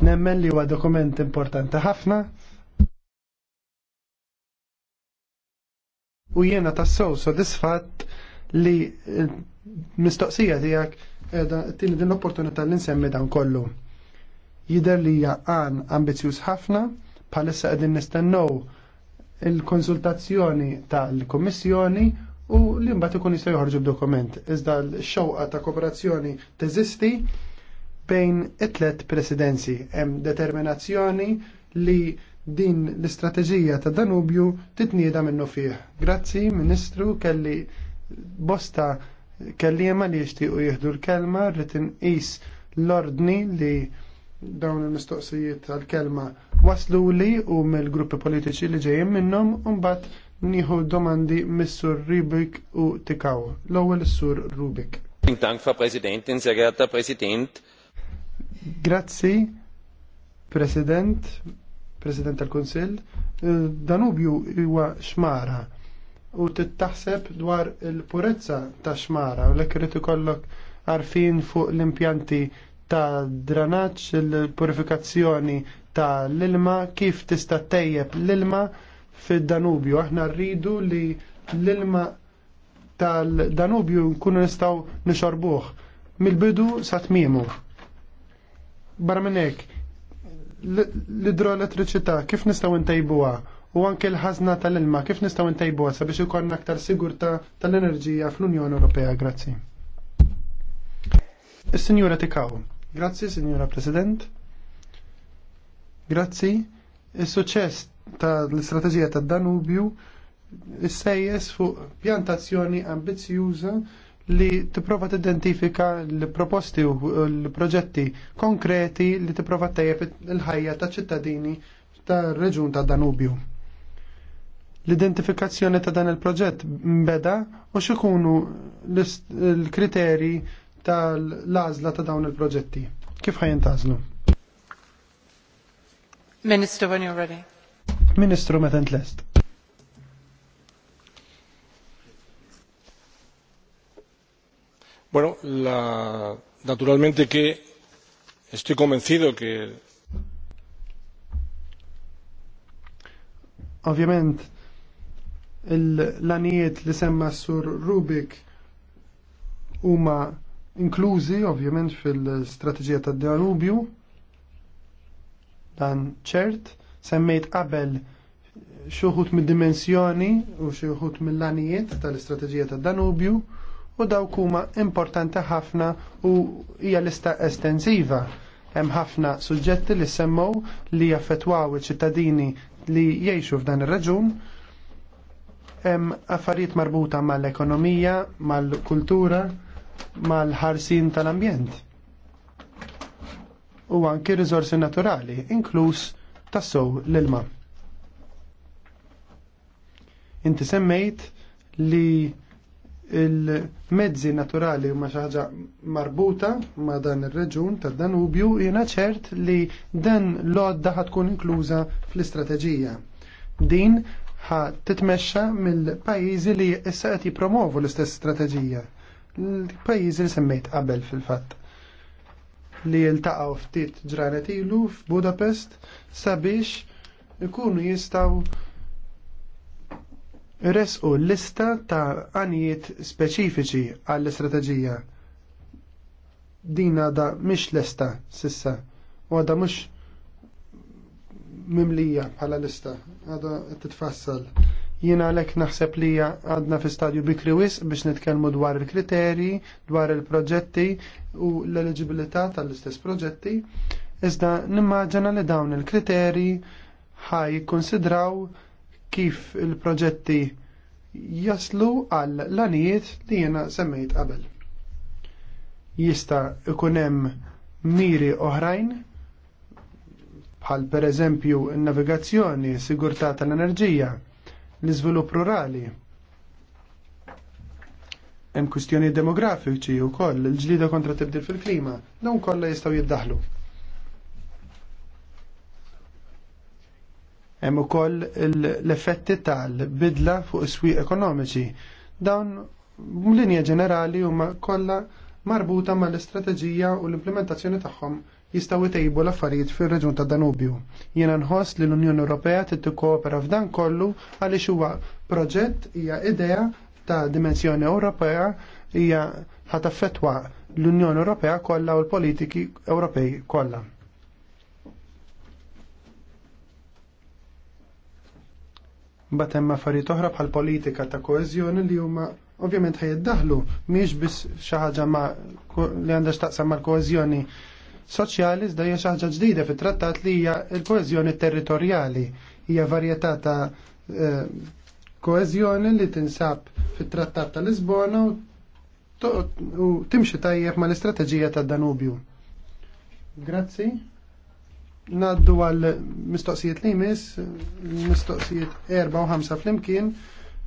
Nemmen li huwa dokument importanti ħafna u jiena tassow sodisfatt li mistoqsija tiegħek tini din l-opportunità li nsemmi dan kollu. Jider li jaqan ambizjuż ħafna bħalissa qegħdin nistennew il-konsultazzjoni tal kummissjoni u li mbagħad ikun jista' joħorġu b'dokument. Iżda l-xewqa ta' kooperazzjoni teżisti bejn it-tlet presidenzi. Hemm determinazzjoni li din l-istrateġija ta' Danubju titnieda minnu fih. Grazzi, Ministru, kelli bosta kellima li jixtiequ jieħdu l-kelma, rrid is l-ordni li dawn il-mistoqsijiet tal-kelma waslu li u mill-gruppi politiċi li ġejjin minnhom mbagħad nieħu domandi mis-sur Rubik u Tikaw. L-ewwel is-sur Rubik. Dank, Fa Presidentin, sehr geehrter Präsident. Grazzi, President, President tal-Kunsill. Eh, Danubju huwa xmara u tittaħseb dwar il-purezza ta' xmara u l kollok ikollok għarfin fuq l-impjanti ta' dranaċ, il-purifikazzjoni ta' l-ilma, kif tista' tejjeb l-ilma fid-Danubju. Aħna rridu li l-ilma tal-Danubju nkunu nistaw nixorbuh mill-bidu sa tmiemu. Barra minnek, l-idroelettriċità kif nistgħu ntejbuha u anke l-ħażna tal-ilma kif nistgħu ntejbuha sabiex ikollna aktar sigurtà tal-enerġija fl-Unjoni Ewropea, grazzi. Is-Sinjura Tikaw. Grazzi, Sinjura President. Grazzi. Is-suċċess tal-istrateġija tad-Danubju is is-sejjes fuq pjantazzjoni ambizzjuża li tipprova tidentifika l-proposti u l-proġetti konkreti li tipprova tejjeb il-ħajja ta' ċittadini ta' reġun ta' Danubju. L-identifikazzjoni ta' dan il-proġett mbeda u xikunu l-kriteri l-azla ta' dawn il-proġetti. Kif ħajjen tażlu? Minister, when you're ready. Ministru, meta lest. Bueno, la, naturalmente que estoy convencido que. Ovvjament, l-anijiet li semma sur Rubik huma inklużi ovvjament fil-strateġija ta' Danubju dan ċert semmejt qabel xuħut mid-dimensjoni u xuħut mill-anijiet tal-istrateġija ta' Danubju u dawk huma importanti ħafna u hija lista estensiva. Hemm ħafna suġġetti li semmow li jaffetwaw iċ-ċittadini li jgħixu f'dan ir-raġun. Hemm affarijiet marbuta mal-ekonomija, mal-kultura, mal-ħarsin tal-ambjent. U anki riżorsi naturali, inkluż tassow l-ilma. Inti semmejt li il-mezzi naturali huma xi ħaġa marbuta ma' dan ir-reġun tad-Danubju jiena ċert li dan l-għodda ħatkun inkluża fl-istrateġija. Din ħa titmexxa mill-pajjiżi li issa qed jippromovu l-istess strateġija. L-pajjiżi li semmejt qabel fil-fatt li jiltaqgħu ftit ġranet ilu f'Budapest sabiex ikunu jistgħu resqu lista ta' għanijiet speċifiċi għall-istrateġija. Din da' mish lista sissa, u għada mux mimlija bħala lista, għada titfassal. Jiena għalek naħseb li għadna fi stadju bikri wis biex nitkellmu dwar il-kriteri, dwar il-proġetti u l-eligibilità tal-istess proġetti, iżda nimmaġana li dawn il-kriteri ħaj konsidraw kif il-proġetti jaslu għal lanijiet li jena semmejt qabel. Jista ikunem miri oħrajn bħal per eżempju navigazzjoni, sigurtà tal-enerġija, l-iżvilupp rurali. Hemm kwistjoni demografiċi wkoll, il-ġlida kontra tibdil fil-klima, dawn kollha jistgħu jiddaħlu. Hemm ukoll l-effetti tal-bidla fuq is-swieq ekonomiċi. Dawn linja ġenerali huma kollha marbuta mal-istrateġija u l-implementazzjoni tagħhom jistgħu jtejbu l-affarijiet fir-reġun ta' Danubju. Jiena nħoss li l-Unjoni Ewropea trid tikkoopera f'dan kollu għaliex huwa proġett hija idea ta' dimensjoni Ewropea hija ħataffetwa l-Unjoni Ewropea kollha u l-politiki Ewropej kollha. Mbagħad hemm affarijiet oħra bħal politika ta' koeżjoni li huma ovvjament ħajiddaħlu mhix biss xi ħaġa ma li għandha x'taqsam mal-koeżjoni soċjali iżda hija xi ħaġa ġdida fit-trattat li hija l-koeżjoni territorjali hija varjetà ta' eh, koeżjoni li tinsab fit-trattat ta' Lisbona u timxi tajjeb mal-istrateġija ta' Danubju. Grazzi. Naddu għal mistoqsijiet li jmiss, mistoqsijiet 4 u 5 flimkien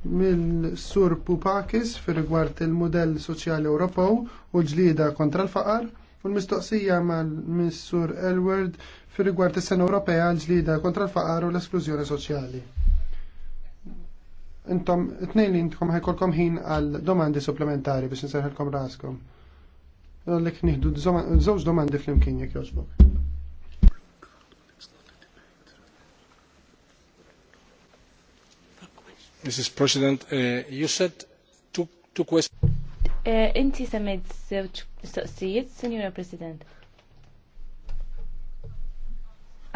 mill-sur Pupakis fir rigward il-modell soċjali Ewropew u l-ġlida kontra l-faqar u l-mistoqsija mal-sur Elward fir rigward is-sena Ewropea l-ġlida kontra l-faqar u l-esklużjoni soċjali. Intom, t-nejn li intkom ħajkolkom ħin għal domandi supplementari biex nserħalkom raskom. Għallek nieħdu żewġ domandi flimkien jekk jogħġbok. Mrs. President, uh, you said two, two questions. Eh, inti semmejt żewġ mistoqsijiet, Senjura President.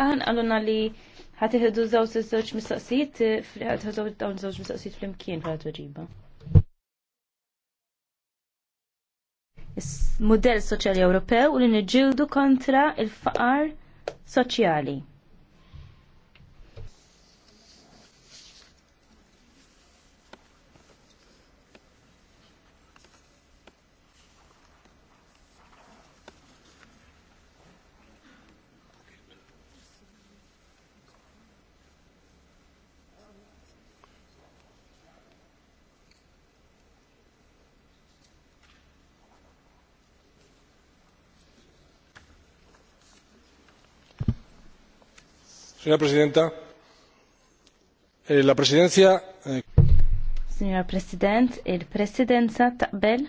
Aħna għalluna li ħati ħedu żewġ mistoqsijiet, eh, ħati dawn żewġ mistoqsijiet fl-imkien fl ġiba. Is-modell soċjali Ewropew u li niġġieldu kontra il-faqar soċjali. Señora Presidenta, eh, la Presidenza. Eh, Signora President, il-Presidenza taqbel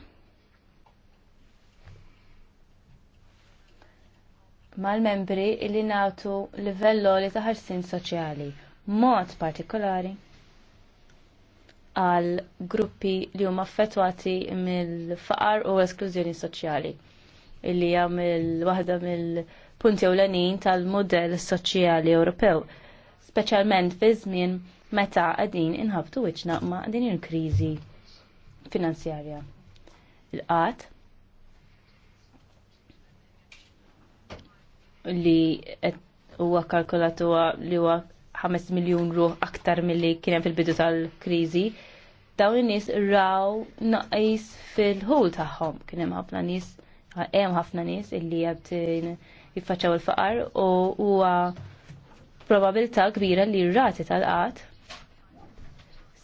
mal-membri li natu livello li taħarsin soċjali, mod partikolari għal gruppi li huma affettwati mill-faqar u esklużjoni soċjali illi hija mill waħda mill punti ewlenin tal-modell soċjali Ewropew, speċjalment fi żmien meta qegħdin inħabtu wiċċna ma' din il-kriżi finanzjarja. Il-qat li huwa kalkulat li huwa 5 miljun ruħ aktar milli kien hemm fil-bidu tal-kriżi, dawn in-nies raw naqis fil-ħul tagħhom. Kien hemm ħafna nies hemm ħafna nies illi qed jiffaċċaw il-faqar u huwa probabilità kbira li r-rati tal-qatt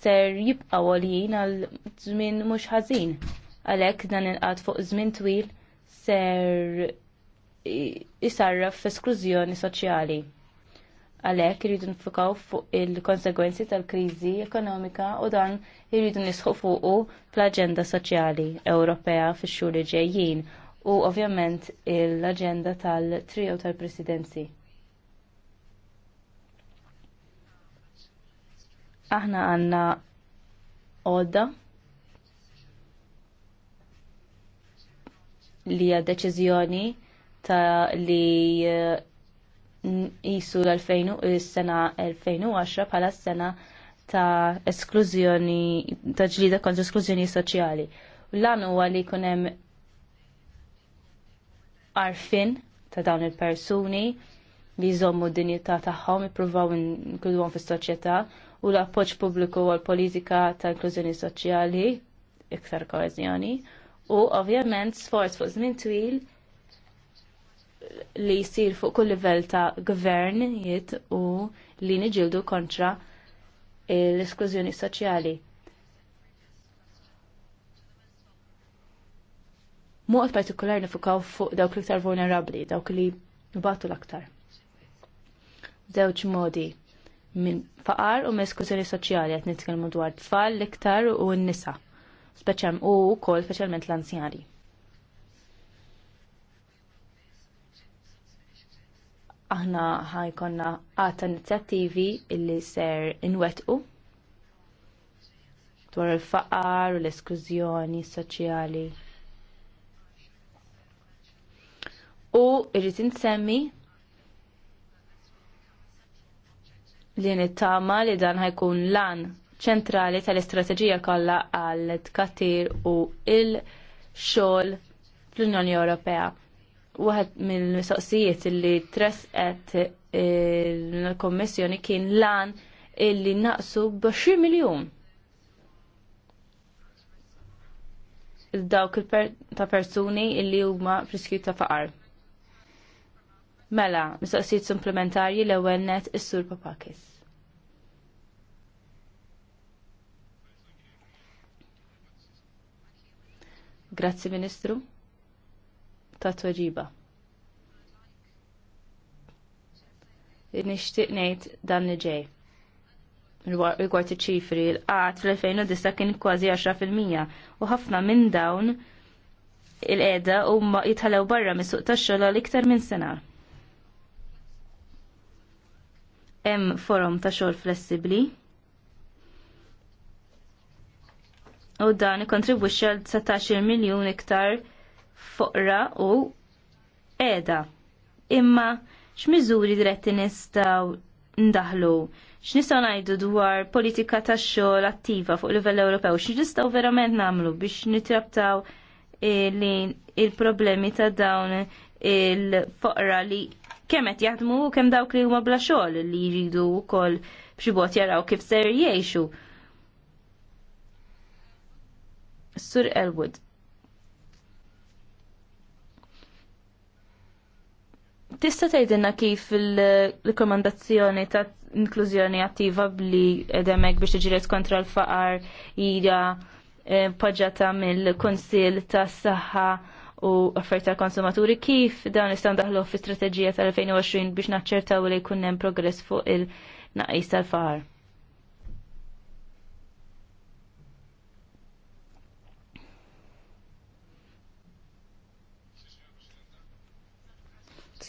ser jibqa' għoljin għal żmien mhux ħażin. Għalhekk dan il-qatt fuq żmien twil ser jisarraf f'esklużjoni soċjali. Għalhekk irridu nfukaw fuq il-konsegwenzi tal-kriżi ekonomika u dan irridu nisħu fuqu fl-aġenda soċjali Ewropea fix-xhur li ġejjin u ovvjament l-agenda tal-trio tal-presidenzi. Aħna għanna għodda li hija deċiżjoni ta' li jisu l-sena 2010 bħala s-sena ta' esklużjoni, ta' ġlida kontra esklużjoni soċjali. U l-għan huwa li kunem għarfin ta' dawn il-persuni li jżommu d-dinjità tagħhom ippruvaw inkluduhom fis-soċjetà u l-appoġġ pubbliku għal politika ta' inklużjoni soċjali iktar koeżjoni u ovvjament sforz fuq żmien twil li jisir fuq kull livell ta' gvernijiet u li niġildu kontra l-esklużjoni soċjali. Muqt partikolari nifukaw fuq dawk l-iktar vulnerabli, dawk li nbatu l-aktar. Zewċ modi minn faqar u meskuzjoni soċjali qed nitkellmu dwar tfal l-iktar u n-nisa, speċjal u wkoll speċjalment l-anzjani. Aħna ħajkonna għata inizjattivi illi ser inwetqu dwar il-faqar u l-eskużjoni soċjali u irrit insemmi li nittama li dan ħajkun lan ċentrali tal-istrateġija kollha għal tkattir u il-xogħol fl-Unjoni Ewropea. Waħed mill-mistoqsijiet li tresqet il-Kommissjoni eh, kien lan illi naqsu miljon. il Dawk ta' persuni illi huma friskju ta' faqar. Mela, mistoqsijiet supplementari l ewwel net is-Sur Papakis. Grazzi Ministru. Ta'twaġiba. tweġiba. Nixtieq ngħid dan li ġej. Rigward iċ-ċifri, l-qat fl-2009 kien kważi 10% u ħafna minn dawn il qiegħda huma jitħallew barra mis-suq tax-xogħol iktar minn sena. hemm forum ta' xogħol flessibbli. U dan ikontribwixxi għal 19 miljun iktar foqra u qiegħda. Imma x'miżuri diretti nistgħu ndaħlu? X'nistgħu ngħidu dwar politika tax xogħol attiva fuq livell Ewropew? X'nistgħu verament nagħmlu biex nitrabtaw eh, il-problemi ta' dawn il-foqra li kemm qed jaħdmu u kemm dawk li huma bla xogħol li jridu wkoll b'xi bot jaraw kif ser jgħixu. Sur Elwood. Tista tgħidilna kif il-rekomandazzjoni ta' inklużjoni attiva bli edemek biex tiġiret kontra l-faqar hija eh, poġġata mill-Kunsill tas-Saħħa u offerta konsumaturi kif dan istan daħlu fi strategija tal-2020 biex naċċertaw li jkun hemm progress fuq il-naqis tal far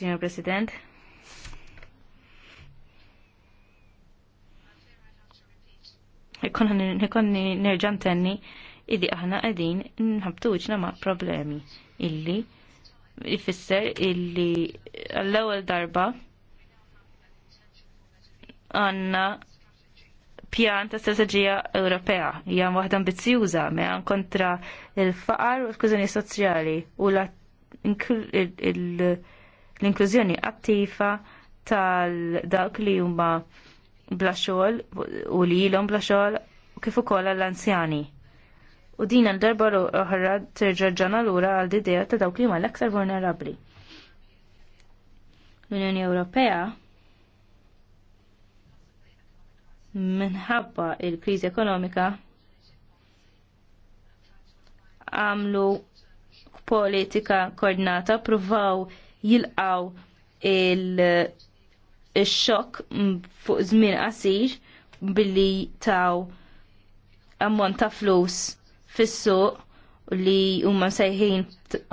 Signor President. Ikonni nerġan tenni, idi aħna għedin nħabtuċna ma' problemi illi ifisser illi għall-ewwel darba għandna pjan ta' Strateġija Ewropea hija waħda ambizzjuża mehan kontra il-faqar u l-kużjoni soċjali u l-inklużjoni attiva tal-dawk li huma bla xogħol u li ilhom bla xogħol kif ukoll għall-anzjani u din għal darba oħra terġaġġana lura għal d-idea ta' dawk li huma l-aktar vulnerabbli. L-Unjoni Ewropea minħabba il-kriżi ekonomika għamlu politika koordinata provaw jilqaw il-xok fuq żmien qasir billi taw ammont ta' flus fis-suq li huma sejħin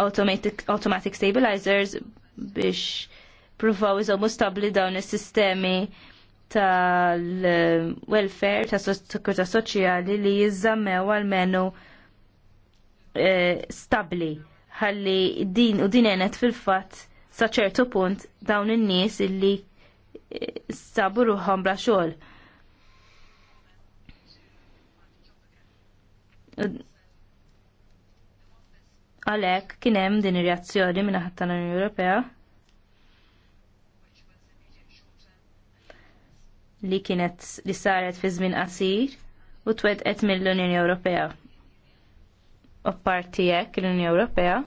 automatic, automatic stabilizers biex provaw iżommu stabli dawn is-sistemi tal-welfare, tas-sekurta soċjali li jiżammew għalmenu eh, stabli ħalli din u din għenet fil-fat saċertu punt dawn in-nies illi eh, sabu ruħom bla xogħol. Għalhekk kien hemm din ir-reazzjoni minna ħatta tal-Unjoni Ewropea li kienet li saret fi żmien qasir u twedqet mill-Unjoni Ewropea. U parti hekk l-Unjoni Ewropea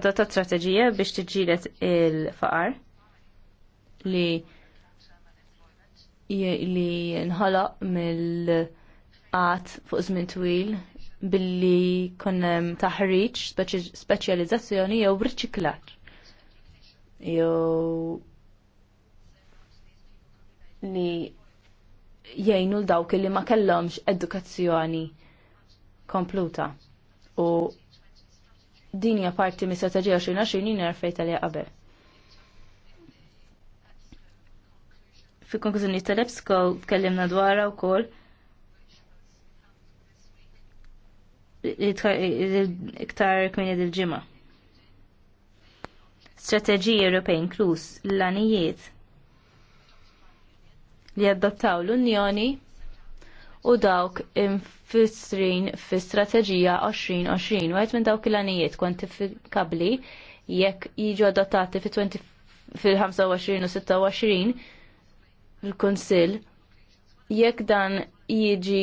adotta strateġija biex tiġġielet il-faqar li li nħala mill- għat fuq żmien twil billi konnem taħriġ speċjalizzazzjoni jew riċiklar. Jew li jgħinu l-dawk li ma kellhomx edukazzjoni kompluta. U din hija parti mis strateġija xina xini nerfejt li qabel. Fi konklużjoni tal-EBSCO tkellimna dwarha wkoll iktar kmini dil ġima Strategi Ewropej inkluż l-anijiet li adottaw l-Unjoni u dawk infissrin fi strategija 2020 u għet minn dawk l-anijiet kwantifikabli jekk jiġu adottati fi 20 fil-25 u 26 il konsil jekk dan jiġi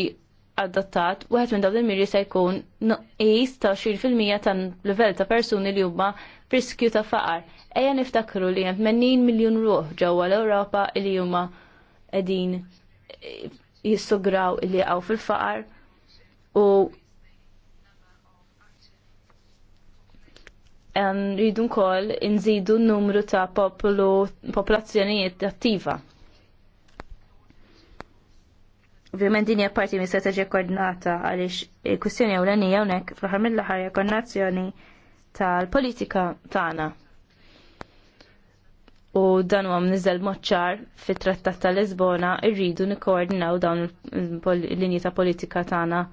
adattat, wieħed minn dawn il-miri se jkun nuqis ta' fil-mija ta' livell ta' persuni li huma friskju ta' faqar. Ejja niftakru li hemm 80 miljun ruħ ġewwa l-Ewropa li huma qegħdin e, jissugraw li għaw fil-faqar u rridu nkoll nżidu n-numru ta' popolazzjonijiet attiva. Ovvjament din hija parti minn strateġija koordinata għaliex il-kwistjoni ewlenija hawnhekk fl-aħħar mill-aħħar koordinazzjoni tal-politika tagħna. U dan huwa mniżel moċċar fit-Trattat tal Lisbona rridu nikkoordinaw dawn il-linji ta' politika tagħna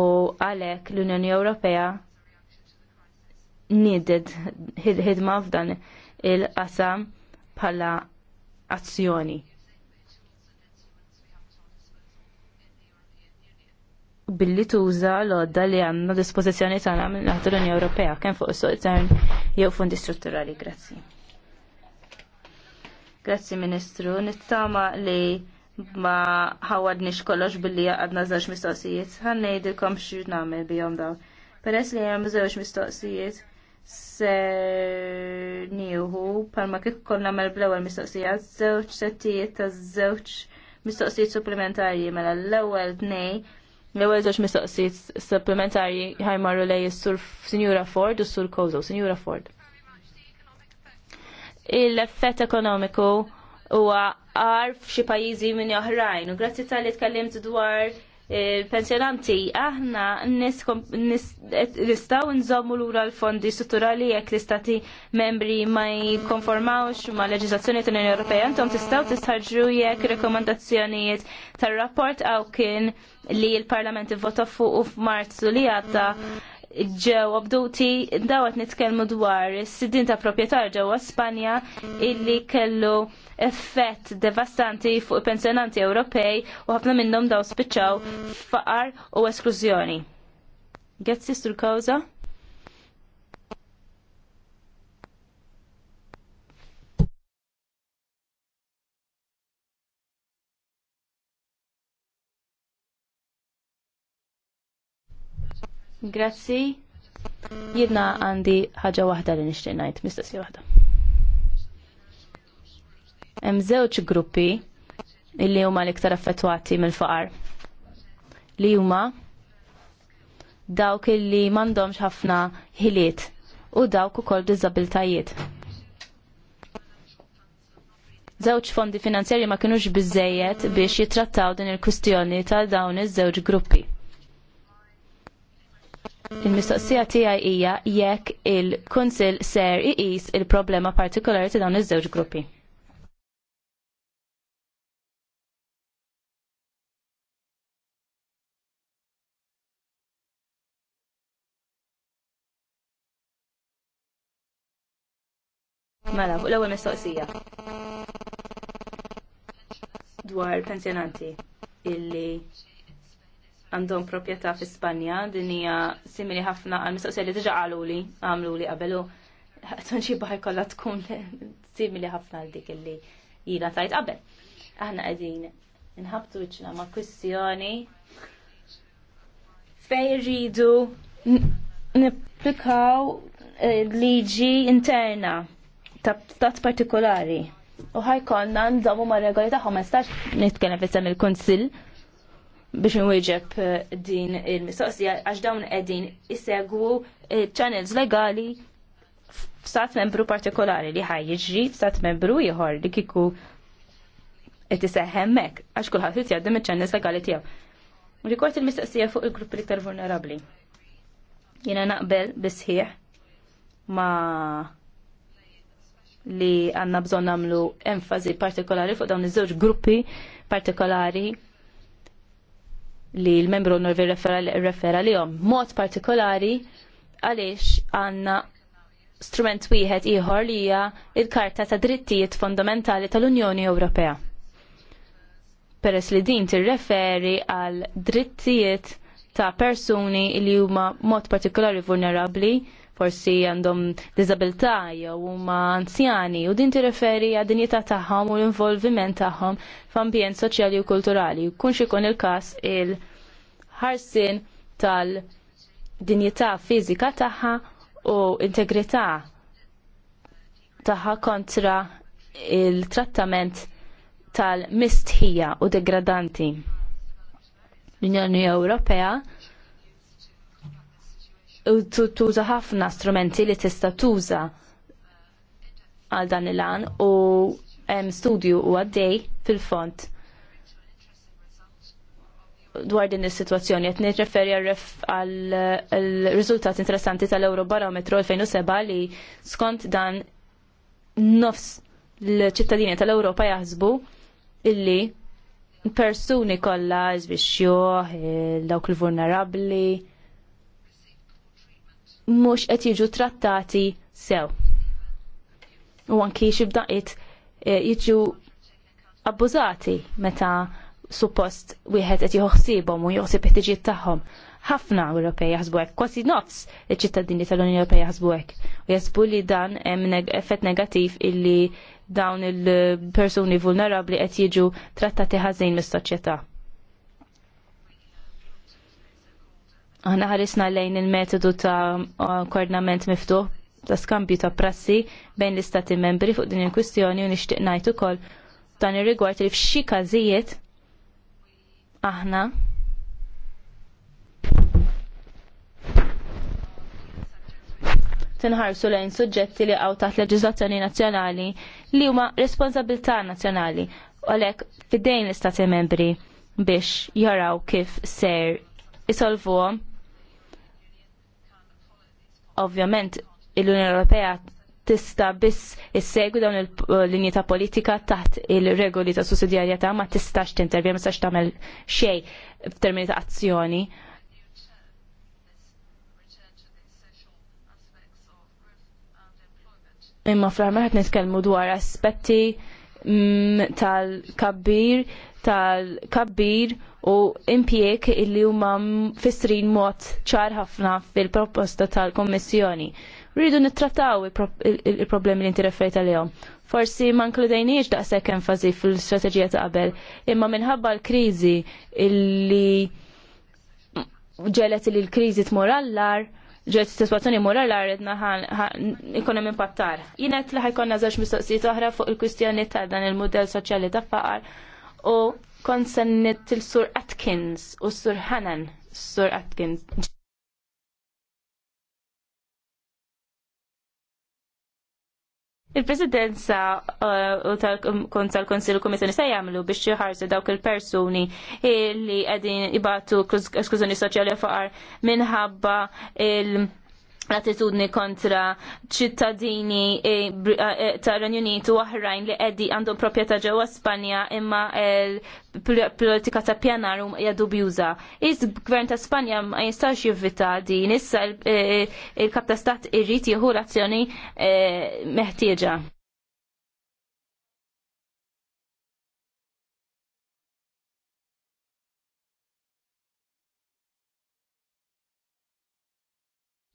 u għalhekk l-Unjoni Ewropea needed ħidma f'dan il-qasam bħala azzjoni. billi tuża l-odda li għandna dispożizzjoni tagħna minn l unjoni Ewropea kemm fuq is-suq jew fondi strutturali. Grazzi. Grazzi Ministru, nittama li ma ħawadnix kollox billi għadna żewġ mistoqsijiet. Ħan ngħidilkom xi nagħmel bihom daw. Peress li hemm żewġ mistoqsijiet se nieħu palma kif konna nagħmel bl-ewwel mistoqsija żewġ settijiet ta' żewġ mistoqsijiet supplementari mela l-ewwel tnej L-ewwel żewġ mistoqsijiet supplementari ħajmarru lej is-sur Sinjura Ford u s-sur Kozo, Sinjura Ford. Il-effett ekonomiku huwa għar f'xi pajjiżi minn oħrajn u grazzi tal-li tkellimt dwar il-pensjonanti aħna nistaw nżommu lura l-fondi strutturali jekk l-istati membri ma jikonformawx ma leġislazzjoni tal-Unjoni Ewropea intom tistaw tistħarġu jekk rekomandazzjonijiet tar-rapport għaw kien li l-Parlament ivvota fuq u f'Marzu li għadda ġew abduti dawat nitkellmu dwar is-sidin ta' proprjetar ġewwa Spanja illi kellu effett devastanti fuq pensjonanti Ewropej u ħafna minnhom daw spiċċaw faqar u esklużjoni. Get sur kawża? Grazzi. Jidna għandi ħaġa waħda li nixtieq ngħid, mistoqsija waħda. Hemm żewġ gruppi illi huma l-iktar affettwati mill-faqar. Li huma dawk illi m'għandhomx ħafna ħiliet u dawk ukoll diżabiltajiet. Żewġ fondi finanzjarji ma kinux biżejjed biex jitrattaw din il-kwistjoni ta' dawn iż-żewġ gruppi. Il-mistoqsija tiegħi hija jekk il kunsill ser iqis il-problema partikolari ta' dawn iż-żewġ gruppi. Mela, fuq l-ewwel mistoqsija. Dwar pensjonanti illi għandhom proprjetà fi Spanja, din hija simili ħafna għal mistoqsija li diġà qalu li għamlu li qabelu. Ħaton xi baħar tkun simili ħafna għal dik illi jiena tajt qabel. Aħna qegħdin inħabtu wiċċna ma' kwissjoni fej rridu nipplikaw eh, liġi interna ta' stat partikolari. U ħajkonna nżommu ma' regoli tagħhom ma nistax nitkellem fissem il-Kunsill biex nwieġeb eh, din il-mistoqsija għax dawn qegħdin isegwu eh, channels legali f'stat membru partikolari li ħaj jiġri f'stat membru ieħor li kiku qed hemmhekk għax kulħadd irid jgħaddem iċ-channels legali tiegħu. Rikord il-mistoqsija fuq il grupp l-iktar vulnerabbli. Jiena naqbel bisħieħ ma' li għanna bżonn nagħmlu enfasi partikolari fuq dawn iż-żewġ gruppi partikolari li l-membru norvi referra li jom. Mod partikolari għaliex għanna strument wieħed ieħor li hija il-Karta ta' Drittijiet Fondamentali tal-Unjoni Ewropea. Peress li din tirreferi għal drittijiet ta' persuni li huma mod partikolari vulnerabbli forsi għandhom diżabilità jew huma anzjani u din tirreferi għad dinjità tagħhom u l-involviment tagħhom f'ambjent soċjali u kulturali. Kunx ikun il-każ il-ħarsin tal-dinjità fiżika tagħha u integrità tagħha kontra il-trattament tal-mistħija u degradanti. L-Unjoni Ewropea tuża ħafna strumenti li tista' tuża għal dan il an u hemm studju u għaddej fil-font dwar din is-sitwazzjoni qed nirreferi għal riżultat interessanti tal-Eurobarometru 2007 li skont dan nofs l-ċittadini tal-Ewropa jaħsbu illi persuni kollha iżbixxjuh eh, dawk il-vulnerabbli mhux qed jiġu trattati sew. U anki xibdaqit e, jiġu abbużati meta suppost wieħed qed joħsibhom u joħsib it-tiġijiet tagħhom. Ħafna Ewropej jaħsbu hekk, kważi nofs iċ-ċittadini tal-Unjoni Ewropej jaħsbu hekk. U jaħsbu li dan hemm effett negattiv illi dawn il-persuni vulnerabbli qed jiġu trattati ħażin mis-soċjetà. Aħna ħarisna lejn il-metodu ta' uh, koordinament miftuħ ta' skambju ta' prassi bejn l-istati membri fuq din il-kwistjoni u nixtieq ngħid ukoll dan ir-rigward li f'xi każijiet aħna tinħarsu lejn suġġetti li għaw taħt leġiżlazzjoni nazzjonali li huma responsabilità nazzjonali u għalhekk fidejn l-istati membri biex jaraw kif ser isolvuhom Ovvjament, l-Unjoni Ewropea tista biss issegwi dawn il-linji ta' politika taħt il-regoli ta' sussidjarjetà ma tistax tintervja ma tistax tagħmel xejn f'termini ta' azzjoni. Imma fl-armar qed nitkellmu dwar aspetti tal-kabbir tal-kabbir u impjek illi huma fissrin mod ċar ħafna fil-proposta tal-Kommissjoni. Rridu nittrattaw il-problemi li inti referejt jom Forsi ma nkludejniex daqshekk fazi fil-strateġija ta' qabel, imma minħabba l-kriżi illi ġelet li l-kriżi tmur allar, ġet situazzjoni moral għaredna ikonem impattar. Jinet li ħajkonna zaġ mistoqsijiet oħra fuq il-kwistjoni ta' dan il-modell soċjali ta' faqar u konsennit il-Sur Atkins u Sur Hanan, Sur Atkins. Il-Presidenza uh, u tal-Konsil Komissjoni se jagħmlu biex jħarsu dawk il-persuni li qegħdin ibatu esklużjoni soċjali faqar minħabba il- l attitudni kontra ċittadini e, e, ta' Renjunitu oħrajn li qegħdi għandhom proprjetà ġewwa Spanja imma l-politika ta' pjanar hija dubjuża. Iż-Gvern ta' Spanja ma jistax jivvita din issa e, il-Kap ta' Stat irrid jieħu l-azzjoni meħtieġa.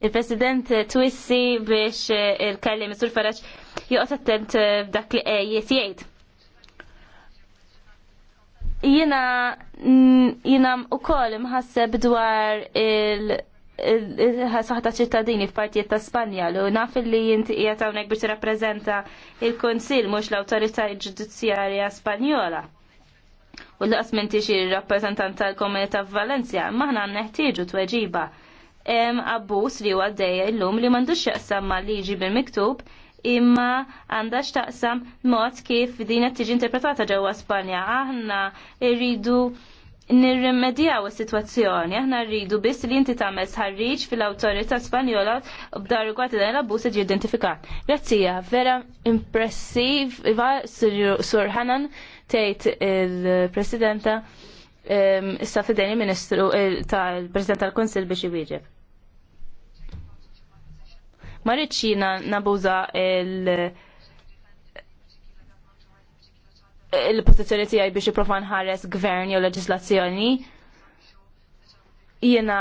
il-President twissi biex eh, il-kelli Mr. Faraċ juqgħod attent eh, dak li qiegħed jgħid. Jiena u wkoll imħasseb dwar il- ħasħata ċittadini f'partijiet ta' Spanja u naf li jinti qiegħed hawnhekk biex tirrappreżenta il konsil mhux l-awtorità ġudizzjarja Spanjola. U l-qas minn tixir rappreżentant tal-Komunità f'Valenzja, maħna neħtieġu tweġiba hemm abbuż li huwa dejja llum li m'għandux x'jaqsam ma' liġi bil-miktub imma għandha x'taqsam mod kif din qed tiġi interpretata ġewwa Spanja. Aħna rridu nirremedjaw is-sitwazzjoni. Aħna rridu biss li inti tagħmel sħarriġ fil-awtorità Spanjola b'dar rigward dan l-abbuż iġi identifikat. Grazzija, vera impressiv, Iva Sur Hanan tgħid il-Presidenta issa fidejn ministru eh, tal-President tal-Konsil biex jiġeb. Ma rridx jiena nabuża il- il-pozizjoni tiegħi biex jipprova nħares gvern jew leġislazzjoni. Jiena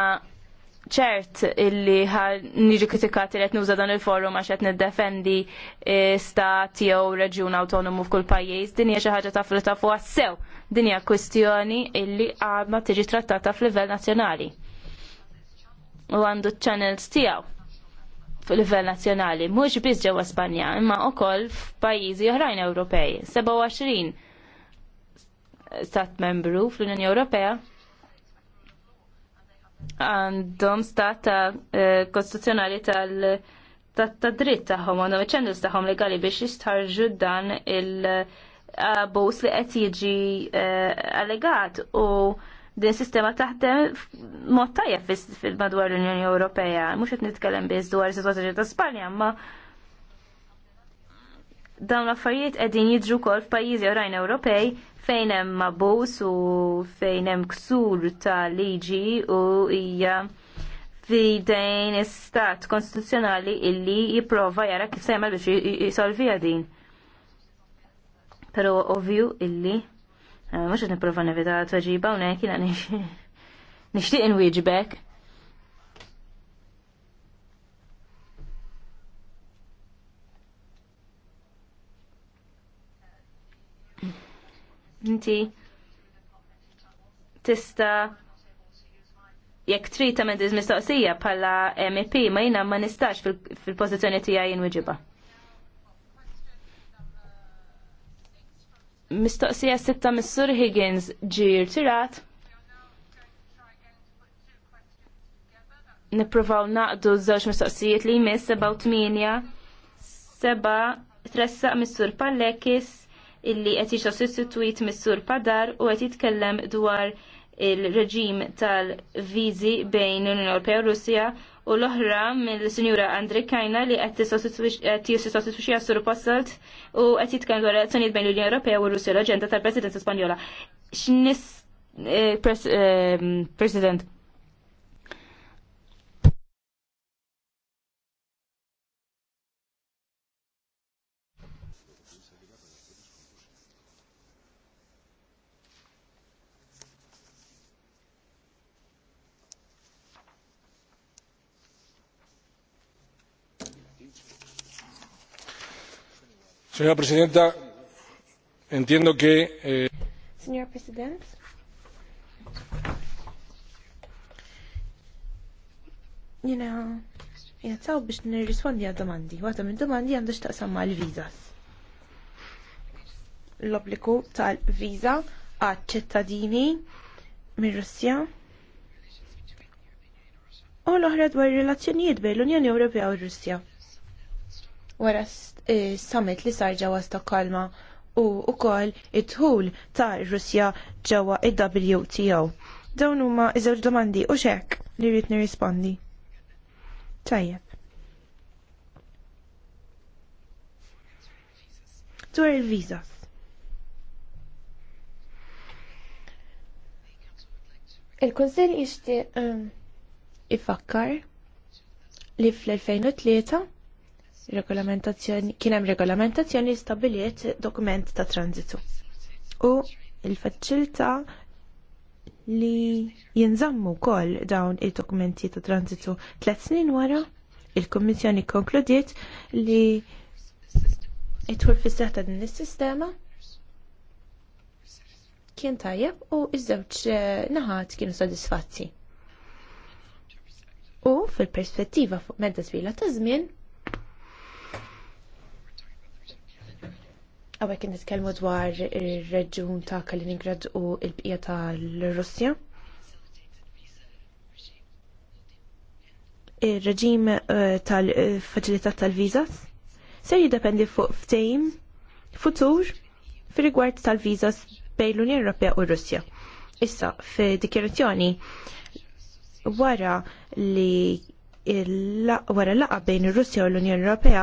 ċert illi niġi kritikati li qed nuża dan il-forum għax qed niddefendi eh, stat jew reġjun autonomu f'kull pajjiż, din hija xi ħaġa ta' fil fuq sew. Din hija kwistjoni illi għadma tiġi trattata f'livell nazzjonali. U għandu ċ-channels tiegħu fil-livell nazzjonali, mhux biss ġewwa Spanja, imma wkoll f'pajjiżi oħrajn Ewropej, 27 stat membru fl-Unjoni Ewropea għandhom stata ta' eh, tal- ta' dritt tagħhom għandhom iċ-channels tagħhom legali biex jistħarġu dan il-abus li qed jiġi eh, allegat u din sistema taħdem mod tajjeb fil-madwar l-Unjoni Ewropea. Mhux qed nitkellem biss dwar is-sitwazzjoni ta' Spanja, ma dawn l-affarijiet qegħdin jiġru wkoll f'pajjiżi orajn Ewropej fejn hemm mabus u fejn hemm ksur ta' liġi u hija fidejn istat konstituzzjonali illi jipprova jara kif se jagħmel biex jisolvi din. Però ovvju illi eh, mhux qed nipprova nevita tweġiba hawnhekk jiena nixtieq inwieġbek. inti tista' jekk trid tagħmel mistoqsija bħala MEP ma jiena ma nistax fil-pożizzjoni tiegħi jinwiġiba. Mistoqsija sitta mis-Sur Higgins ġir tirat. Nippruvaw naqdu żewġ mistoqsijiet li jmiss seba' u tminja seba' tressaq mis-Sur Pallekis illi qed jiġu mis-sur Padar u qed jitkellem dwar il-reġim tal-viżi bejn l-Unjoni Ewropea u Russja u l-oħra mill-Sinjura Andri Kajna li qed tissostitwixxija sur Posselt u qed jitkellem dwar relazzjonijiet bejn l-Unjoni Ewropea u Russja l-aġenda tal-Presidenza Spanjola. X'nis eh, eh, President Signora Presidenta, entiendo que. Eh... Signor President. Jena, jgħataw biex nirrispondi għad domandi. Għata minn domandi għandu xtaqsam ma' l-vizas. L-obbligu tal-viza għad ċittadini minn Russja. U l-oħra dwar relazzjonijiet bejn l-Unjoni Ewropea u r-Russja wara eh, summit li sar ġewwa Stokkolma u wkoll id-dħul ta' Russja ġewwa id-WTO. Dawn huma iżewġ domandi u xek li rrid nirrispondi. Tajjeb. Dwar il-vizas. il kunsill jixtieq ehm, ifakkar li fl-2003 regolamentazzjoni, kien hemm regolamentazzjoni stabiliet dokument ta' tranzitu. U il-faċilità li jinżammu kol dawn il-dokumenti ta' tranzitu tlet snin wara, il-Kommissjoni konkludiet li jitħol fis ta' din is-sistema kien tajjeb u iż-żewġ eh, naħat kienu sodisfatti. U fil-perspettiva fuq medda twila ta' żmien, Għawek nitkellmu dwar ir-reġun ta' Kaliningrad u l-bqija tal-Russja. Ir-reġim tal-faċilità eh, tal vizas se jiddependi fuq ftejm futur fir rigward tal vizas bejn l-Unjoni Ewropea u r-Russja. Issa, fi dikjerazzjoni wara li wara laqgħa bejn ir-Russja u l-Unjoni Ewropea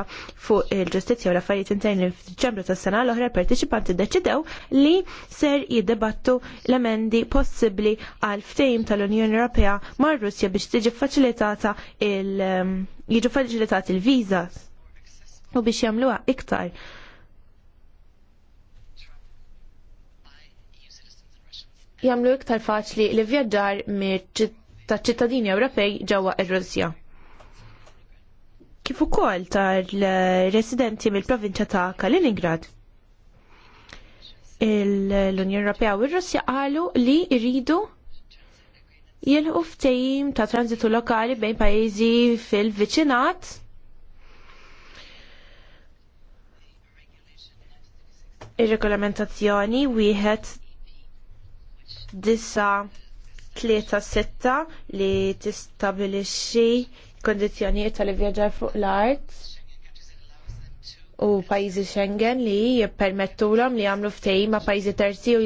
fuq il-ġustizzja u l-affarijiet interni f'Diċembru tas-sena l-oħra partiċipanti ddeċidew li ser jiddebattu l-emendi possibbli għal ftehim tal-Unjoni Ewropea mar-Russja biex tiġi faċilitata il ehm, jiġu faċilitati il viza u biex jagħmluha iktar jagħmlu iktar faċli li vjaġġar mir ta' ċittadini Ewropej ġewwa ir-Russja kif ukoll tal-residenti mill-provinċja ta' Kaliningrad l-Unjoni Ewropea u r-Russja qalu li jridu jilħu ftejim ta' tranzitu lokali bejn pajjiżi fil-viċinat ir-regolamentazzjoni wieħed disa tlieta sitta li tistabilixxi kondizjonijiet tal-vjaġġar fuq l-art u pajjiżi Schengen li jippermettulhom li jagħmlu ftehim ma' pajjiżi terzi u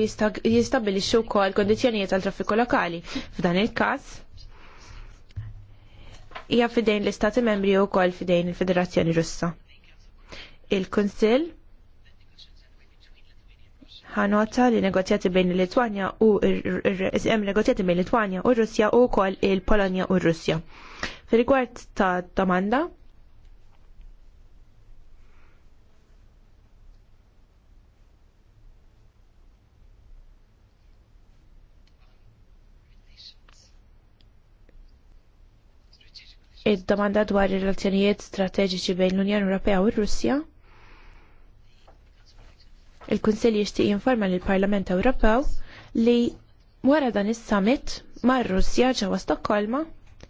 jistabilixxu wkoll kondizzjonijiet tal-traffiku lokali. F'dan il-każ hija fidejn l-Istati Membri u wkoll fidejn il-Federazzjoni Russa. Il-Kunsill ħanota li negozjati bejn Litwanja u r negozjati bejn Litwanja u Russja u wkoll il-Polonja u Russja. Fil-rigward r domanda, r domanda dwar r relazzjonijiet strateġiċi bejn l-Unjoni r u r-Russja. Il-Kunsill jixtieq jinforma lill parlament Ewropew li wara dan is-summit mar Russja ġewwa Stokkolma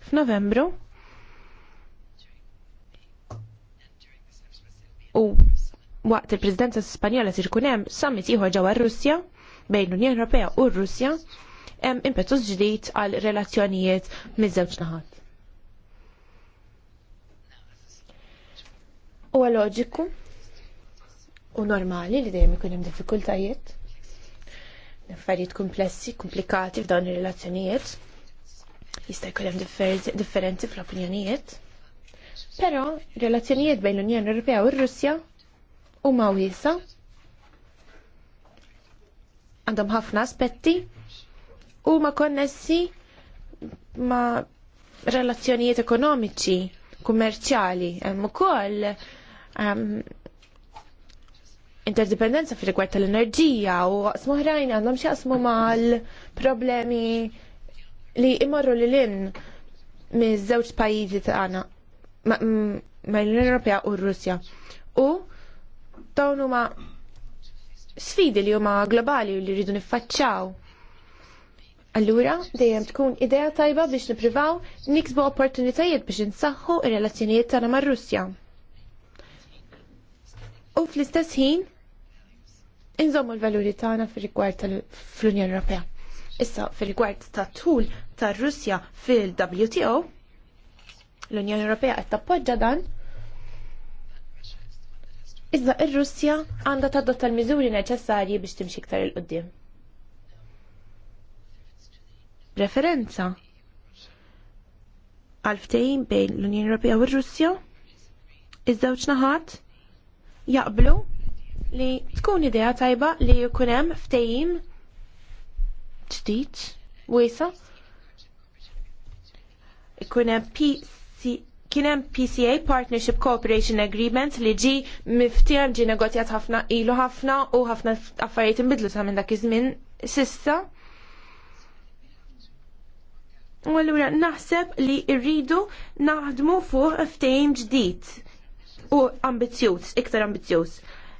f'Novembru u waqt il-Presidenza Spanjola sir kun hemm summit ieħor ġewwa Russja bejn l-Unjoni Ewropea u r-Russja hemm impetus ġdid għal relazzjonijiet miż-żewġ naħat. Huwa loġiku u normali li dejjem ikun hemm diffikultajiet. Affarijiet komplessi, komplikati f'dawn ir-relazzjonijiet. Jista' jkun hemm differenzi fl-opinjonijiet. Però relazzjonijiet bejn l-Unjoni Ewropea u r-Russja huma wiesa għandhom ħafna aspetti u ma konnessi ma relazzjonijiet ekonomiċi, kummerċjali, hemm ukoll um, interdipendenza fil rigward tal-enerġija u qasmu ħrajn għandhom xi jaqsmu mal-problemi li imorru li lin miż-żewġ pajjiżi tagħna mal-Unjoni Ewropea u r-Russja. U dawn huma sfidi li huma globali u li rridu niffaċċjaw. Allura, dejjem tkun idea tajba biex niprivaw niksbu opportunitajiet biex insaħħu ir-relazzjonijiet tagħna mar-Russja. U fl-istess ħin, inżommu l-valuri tagħna fir-rigward tal-Unjoni Ewropea. Issa fir-rigward tat-tul tar-Russja fil-WTO, l-Unjoni Ewropea qed tappoġġa dan. Iżda ir-Russja għandha tadotta tal miżuri neċessarji biex timxi iktar il qudiem Referenza għal ftehim bejn l-Unjoni Ewropea u r-Russja iż-żewġ naħat jaqblu li tkun idea tajba li jkun hemm ftehim wisa, wiesa kienem hemm PC kien hemm PCA Partnership Cooperation Agreement li ġi miftiem ġi negozjat ħafna ilu ħafna u ħafna affarijiet inbidlu sa minn dak iż-żmien sissa. U allura naħseb li rridu naħdmu fuq ftehim ġdid u ambizzjuż, iktar ambizzjuż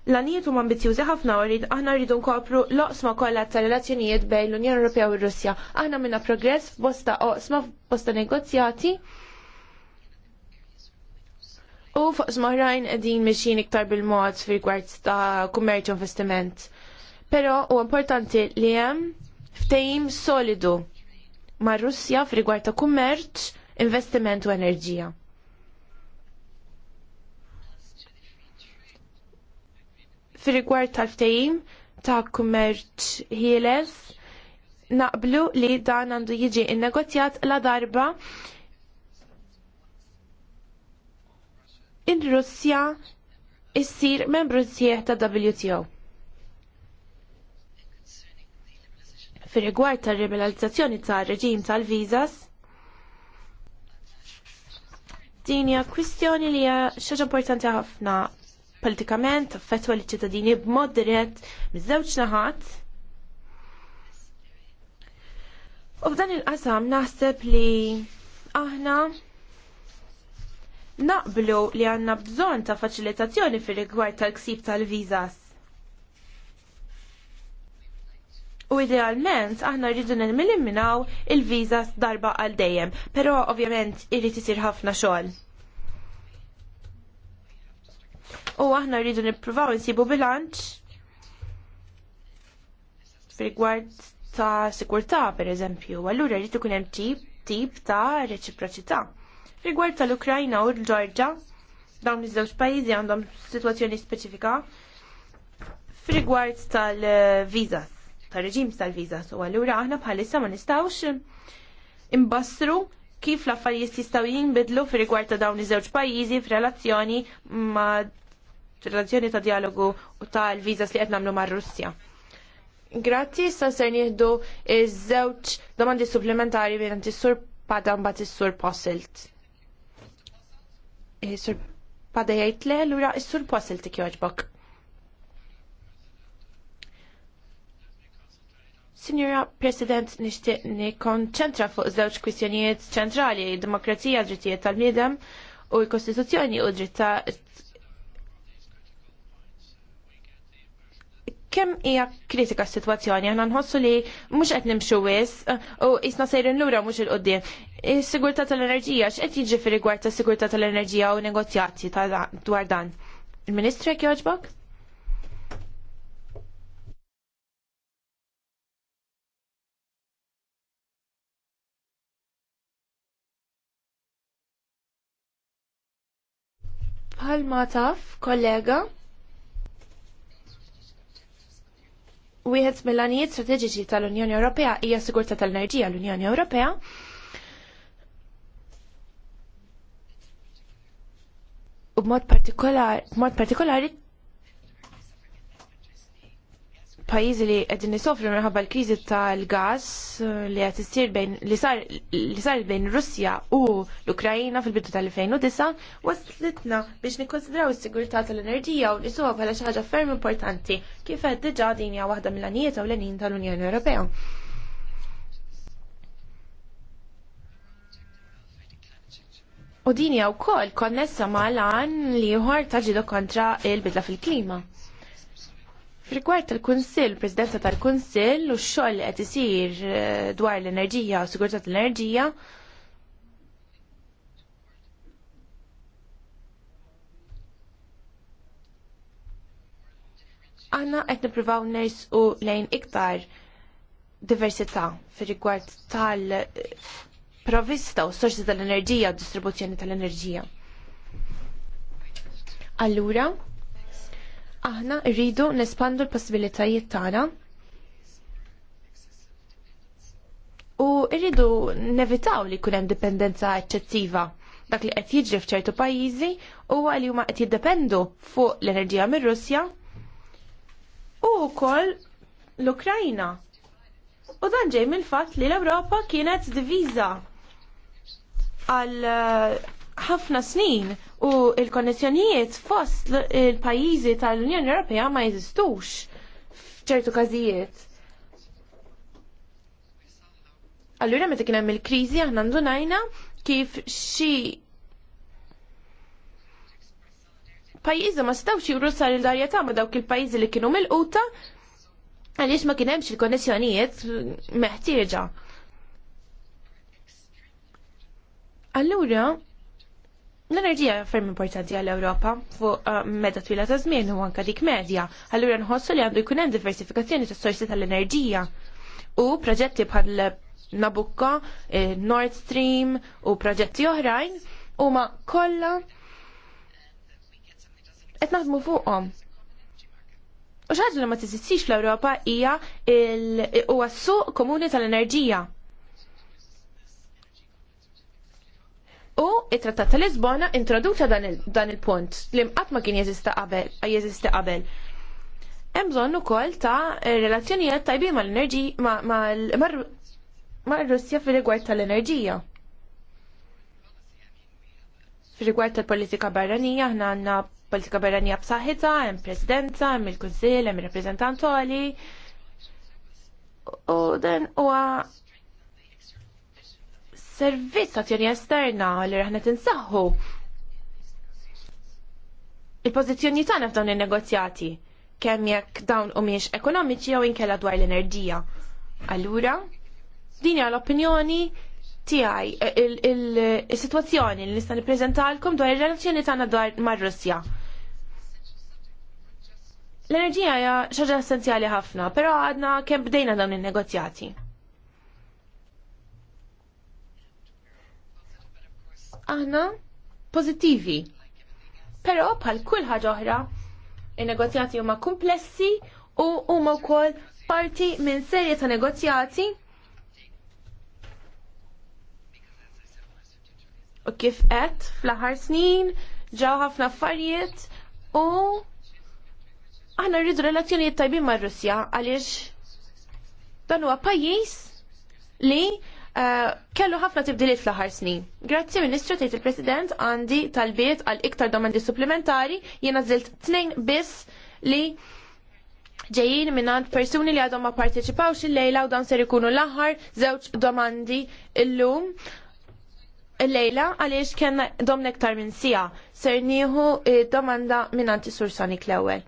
l-għanijiet huma ambizjużi ħafna u aħna rridu nkopru l-oqsma kollha ta' relazzjonijiet bejn l-Unjoni Ewropea u r-Russja. Aħna minna progress f'bosta oqsma f'bosta negozjati u fuq smaħrajn qegħdin mixjin iktar bil-mod fil-gwart ta' kummerċ u investiment. Però u importanti li hemm ftehim solidu mar-Russja fil-gwart ta' kummerċ, investiment u enerġija. fir rigward tal-ftehim ta' kummerċ ħieles, naqblu li dan għandu jiġi innegozjat la darba in-Russja issir membru sieħ ta' WTO. Fir-rigward tal-liberalizzazzjoni tal-reġim tal-vizas, din hija kwistjoni li hija xaġa importanti ħafna politikament affettwa li ċittadini b'mod dirett miż-żewġ naħat. U f'dan il-qasam naħseb li aħna naqblu li għanna bżon ta' faċilitazzjoni fil rigward tal-ksib tal-vizas. U idealment aħna rridu neliminaw il-vizas darba għal dejjem, però ovvjament irrid isir ħafna xogħol u aħna rridu nippruvaw insibu bilanċ fil-gward ta' sikurtà pereżempju, allura rrid ikun hemm tip tip ta' reċiproċità. Rigward tal-Ukrajna u l-Ġorġa, dawn iż-żewġ pajjiżi għandhom sitwazzjoni speċifika f'rigward tal viza tar reġim tal-viżas, u allura aħna bħalissa ma nistgħux imbassru kif l-affarijiet jistgħu jinbidlu fi rigward ta' dawn iż-żewġ pajjiżi f'relazzjoni ma' relazzjoni ta' dialogu u tal-viżas li qed nagħmlu mar-Russja. Grazzi, issa ser nieħdu iż-żewġ domandi supplementari minn is-sur Padam bat is-sur Posselt. Eh, sur Pada jgħid le, lura is-sur Posselt jogħġbok. Signora President, nixtieq konċentra fuq żewġ kwistjonijiet ċentrali, demokrazija, drittijiet tal-bniedem u l-Kostituzzjoni u dritta kemm hija kritika s-sitwazzjoni, aħna nħossu li mhux qed nimxu wis u isna sejrin lura mhux il-qudiem. Is-sigurtà tal-enerġija x'qed jiġi rigward tas-sigurtà tal-enerġija u negozjati dwar dan. Il-Ministru jekk jogħġbok? Bħal ma taf, kollega, wieħed mill-għanijiet strateġiċi tal-Unjoni Ewropea hija sigurtà tal-enerġija l-Unjoni Ewropea. U b'mod partikolari pajjiżi li qegħdin nisofru minħabba l-kriżi tal-gas eh, li qed issir bejn li sar bejn Russja u l-Ukrajina fil-bidu tal-2009 waslitna biex nikkonsidraw is-sigurtà tal-enerġija u nisuha bħala xi ħaġa ferm importanti kif qed diġà din hija waħda mill-għanijiet u l-għanin tal-Unjoni Ewropea. U dinja u wkoll konnessa ma' lan li ieħor taġidu kontra il-bidla fil-klima. Rigward il-Kunsill, Presidenza tal-Kunsill u x-xogħol qed isir eh, dwar l-enerġija u sigurtà tal-enerġija, aħna qed nippruvaw nersqu lejn iktar diversità fir rigward tal-provista u sorsi tal-enerġija u distribuzzjoni tal-enerġija. Allura, aħna rridu nespandu l-possibilitajiet tagħna u rridu nevitaw li jkun hemm dipendenza eċċettiva dak li qed jiġri f'ċertu pajjiżi huwa li huma qed jiddependu fuq l-enerġija mir-Russja u wkoll l-Ukrajna. U dan ġej mill-fatt li l-Ewropa kienet diviża għal ħafna snin u il-konnessjonijiet fost il-pajjiżi tal-Unjoni Ewropea ma jeżistux f'ċertu każijiet. Allura meta kien hemm il-kriżi aħna ndunajna kif xi pajjiżi ma stawx juru s il ma dawk il-pajjiżi li kienu mill-quta għaliex ma kien hemmx il-konnessjonijiet meħtieġa. Allura, L-enerġija ferm importanti għall ewropa fuq uh, meta twila ta' żmien u anke dik medja, allura nħossu li għandu jkun hemm diversifikazzjoni tas sorsi tal-enerġija. U proġetti bħal Nabucco, eh, Nord Stream u proġetti oħrajn huma kollha qed naħdmu fuqhom. U ħaġa li ma tiżistix fl-Ewropa hija il huwa s-suq komuni tal-enerġija. U it-Trattat ta' Lisbona introduċa dan il-punt li mqatt ma kien jeżista qabel. Hemm bżonn ukoll ta' relazzjonijiet tajbin mal-enerġija mar-Russja fir-rigward tal-enerġija. Fir-rigward tal-politika barranija aħna għandna politika barranija b'saħħitha, hemm presidenza, hemm il-kunsill, hemm rappreżentantoli. U dan huwa servizz azzjoni esterna li raħna tinsaħħu il-pożizzjoni tagħna f'dawn in-negozjati kemm jekk dawn humiex ekonomiċi jew inkella dwar l-enerġija. Allura, din hija l-opinjoni tiegħi is-sitwazzjoni li nista' nippreżentalkom dwar ir-relazzjoni tagħna dwar mar-Russja. L-enerġija hija xi ħaġa essenzjali ħafna, però għadna kemm bdejna dawn in-negozjati. aħna pozittivi. Però bħal kull ħaġa oħra, in-negozjati huma komplessi u huma wkoll parti minn serje ta' negozjati u kif qed fl-aħħar snin ġew ħafna affarijiet u aħna rridu relazzjonijiet tajbin mar-Russja għaliex dan huwa pajjiż li Eh, kellu ħafna tibdiliet fl-aħħar snin. Grazzi Ministru tgħid il-President għandi talbiet għal iktar domandi supplementari jiena żilt tnejn biss li ġejjin minnant persuni li għadhom ma parteċipawx il-lejla u dan ser ikunu l-aħħar żewġ domandi illum il-lejla għaliex kien domna iktar minn sija. Ser nieħu domanda minnant is-Sur Sonik l-ewwel.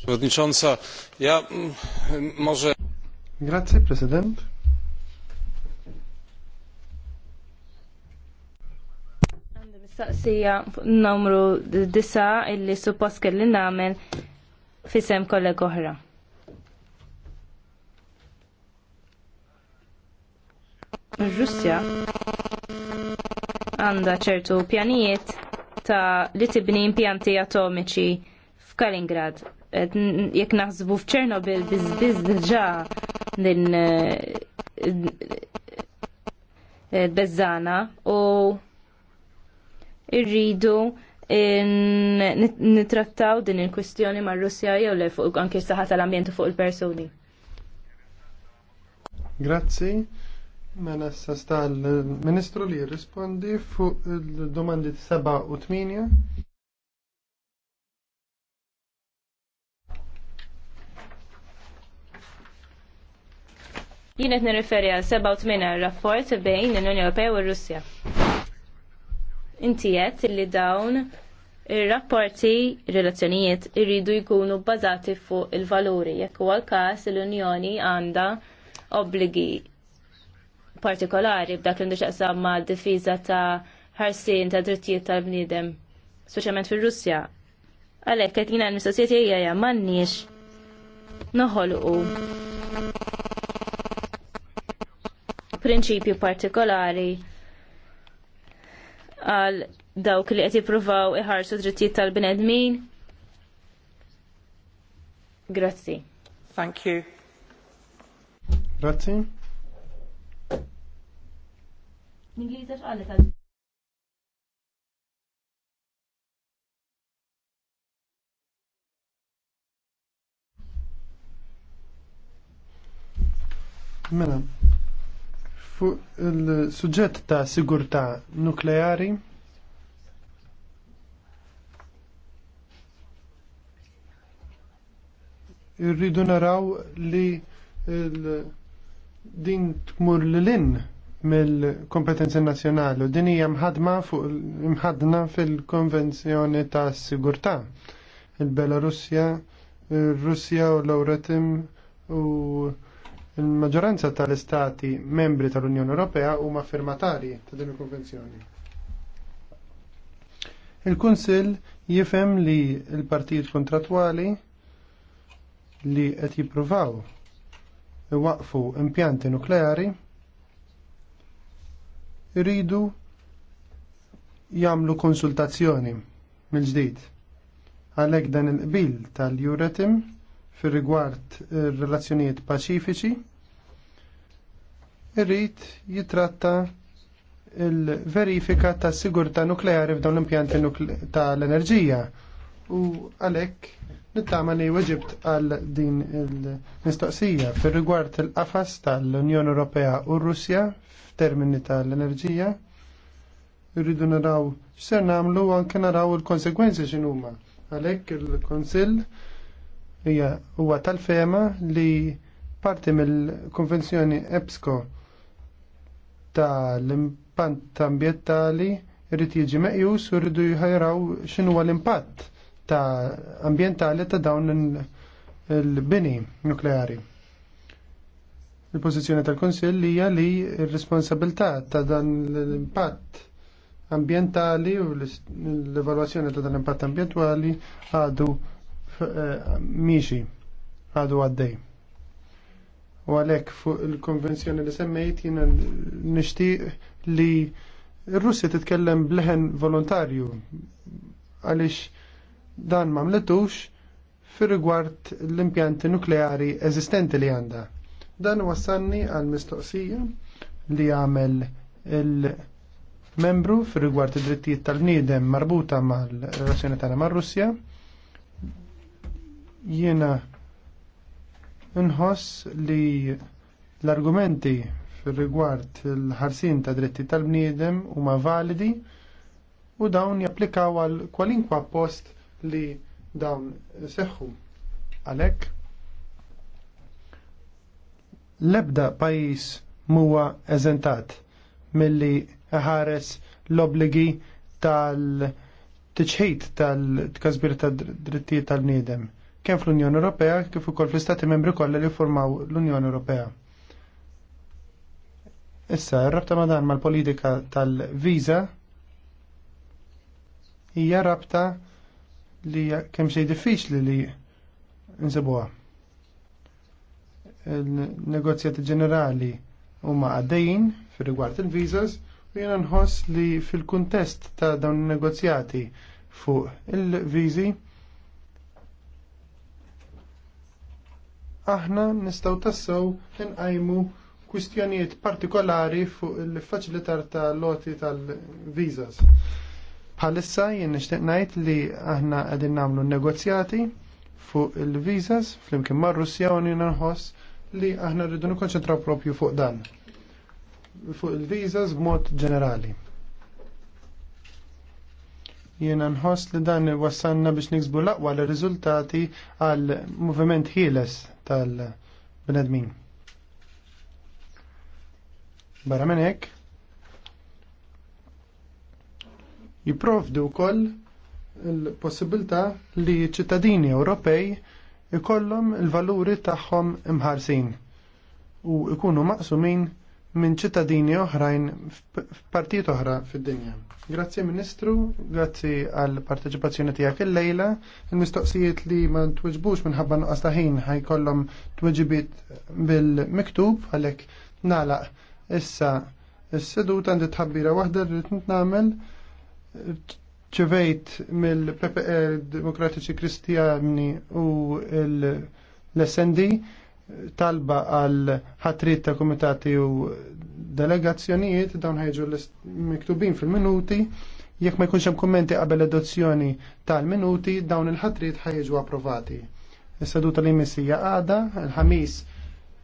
Przewodnicząca, ja mm, może... Grazie, prezydent. Mistaqsija numru disa illi suppost kelli namel fisem kolleg oħra. Russja għanda ċertu pjanijiet ta' li tibni impjanti atomiċi f'Kalingrad. Jek naħsbu f'Ċernobil bizbiz dġa din eh, eh, bezzana u irridu nitrattaw din il-kwistjoni mar russja jew le fuq anke s-saħħa tal-ambjent fuq il-persuni. Grazzi. Mela sa sta l-Ministru li jirrispondi fuq il-domandi 7 u 8. Jienet nirreferi għal 7 u 8 rapport bejn l-Unjoni Ewropea u r-Russja intijet li dawn ir-rapporti relazzjonijiet irridu jkunu bbażati fuq il-valuri jekk huwa l-każ l-Unjoni għandha obbligi partikolari b'dak li xaqsam ma' difiża ta' ħarsien ta' drittijiet tal-bniedem, speċjalment fir-Russja. Għalhekk qed jiena l-mistoqsijiet hija m'għandniex noħolqu prinċipju partikolari għal dawk li qed jippruvaw iħarsu drittijiet tal-bnedmin. Grazzi. Thank you. Grazzi. Mela, fuq il-suġġett ta' sigurtà nukleari irridu naraw li din tmur lilin mill kompetenza nazzjonali u din hija mħadma fuq mħadna fil-konvenzjoni ta' sigurtà il-Belarusja, il-Russja u l-Euratim u Il-maġġoranza tal-istati membri tal-Unjoni Ewropea huma firmatari ta' din il-konvenzjoni. Il-Kunsill jifhem li l-partijiet kontratwali li qed jippruvaw iwaqfu impjanti nukleari iridu jagħmlu konsultazzjoni mill-ġdid. Għalhekk dan il-qbil tal-Euratim fir rigward relazzjonijiet paċifiċi irrid jitratta il-verifika ta' sigurta nukleari f'dawn l-impjanti ta' tal enerġija u għalhekk nittama li weġibt għal din il-mistoqsija fir rigward il-qafas tal-Unjoni Ewropea u Russja f'termini tal-enerġija irridu naraw x'ser nagħmlu anke naraw il-konsegwenzi x'inhuma għalhekk il-Konsill il il konsill hija huwa tal-fema li parti mill-Konvenzjoni EBSCO tal impant ambientali rrid jiġi meqjus u rridu jħajraw x'inhu l-impatt ta' ambientali ta' dawn il-bini nukleari. Il-pożizzjoni tal-Konsill hija li r-responsabilità ta' dan l-impatt ambientali u l-evalwazzjoni ta' dan l-impatt ambientali għadu Eh, miexi għadu għaddej. U għalek fuq il-konvenzjoni li semmejt jina nishtiq li r-Russi titkellem bleħen volontarju għalix dan mamletux fir rigward l-impjanti nukleari eżistenti li għanda. Dan wassanni għal mistoqsija li għamel il-membru fir rigward id-drittijiet tal-bniedem marbuta mal-relazzjoni tagħna mar-Russja. Jiena nħoss li l-argumenti fil-rigward il-ħarsin ta' dritti tal-bniedem huma validi u dawn japplikaw għal kwalinkwa post li dawn seħħu għalhekk l-ebda pajjiż huwa eżentat milli ħares l-obligi tal-tċħid tal-tkazbir tad tal-bniedem. tal drittijiet tal bniedem kemm fl-Unjoni Ewropea kif ukoll fl-Istati membri kollha li formaw l-Unjoni Ewropea. Issa, r-rabta ma dan mal-politika tal-viza hija rabta li kemm xejn diffiċli li nsibuha. Il-negozjati ġenerali huma għaddejjin fir-rigward il-vizas u jiena nħoss li fil-kuntest ta' dawn in-negozjati fuq il-viżi aħna nistgħu tassew nqajmu kwistjonijiet partikolari fuq il-faċilitar ta' loti tal-vizas. Bħalissa jien nixtieq ngħid li aħna qegħdin nagħmlu negozjati fuq il-vizas flimkien mar Russja u nħoss li aħna rridu nikkonċentraw propju fuq dan. Fuq il-vizas b'mod ġenerali. Jiena nħoss li dan wassanna biex niksbu l-aqwa l riżultati għal movement ħieles tal-bnedmin. Barra minn hekk jipprovdu wkoll il-possibilità li ċittadini Ewropej ikollhom il-valuri tagħhom imħarsin u ikunu maqsumin minn ċittadini oħrajn f'partijiet oħra fid-dinja. Grazzi Ministru, grazzi għal parteċipazzjoni tiegħek il-lejla. Il-mistoqsijiet li ma twiġbux minħabba nuqqas ta' ħin ħajkollhom tweġibiet bil-miktub għalhekk nagħlaq issa s seduta għandi tħabbira waħda rrid nagħmel ċivejt mill-PPR eh, Demokratiċi Kristjani u l-SND talba għal ħatrit ta' komitati u delegazzjonijiet dawn ħajġu miktubin fil-minuti jekk ma jkunx hemm kummenti qabel adozzjoni tal-minuti dawn il-ħatrit ħajġu approvati. Is-seduta li missija għada, il-ħamis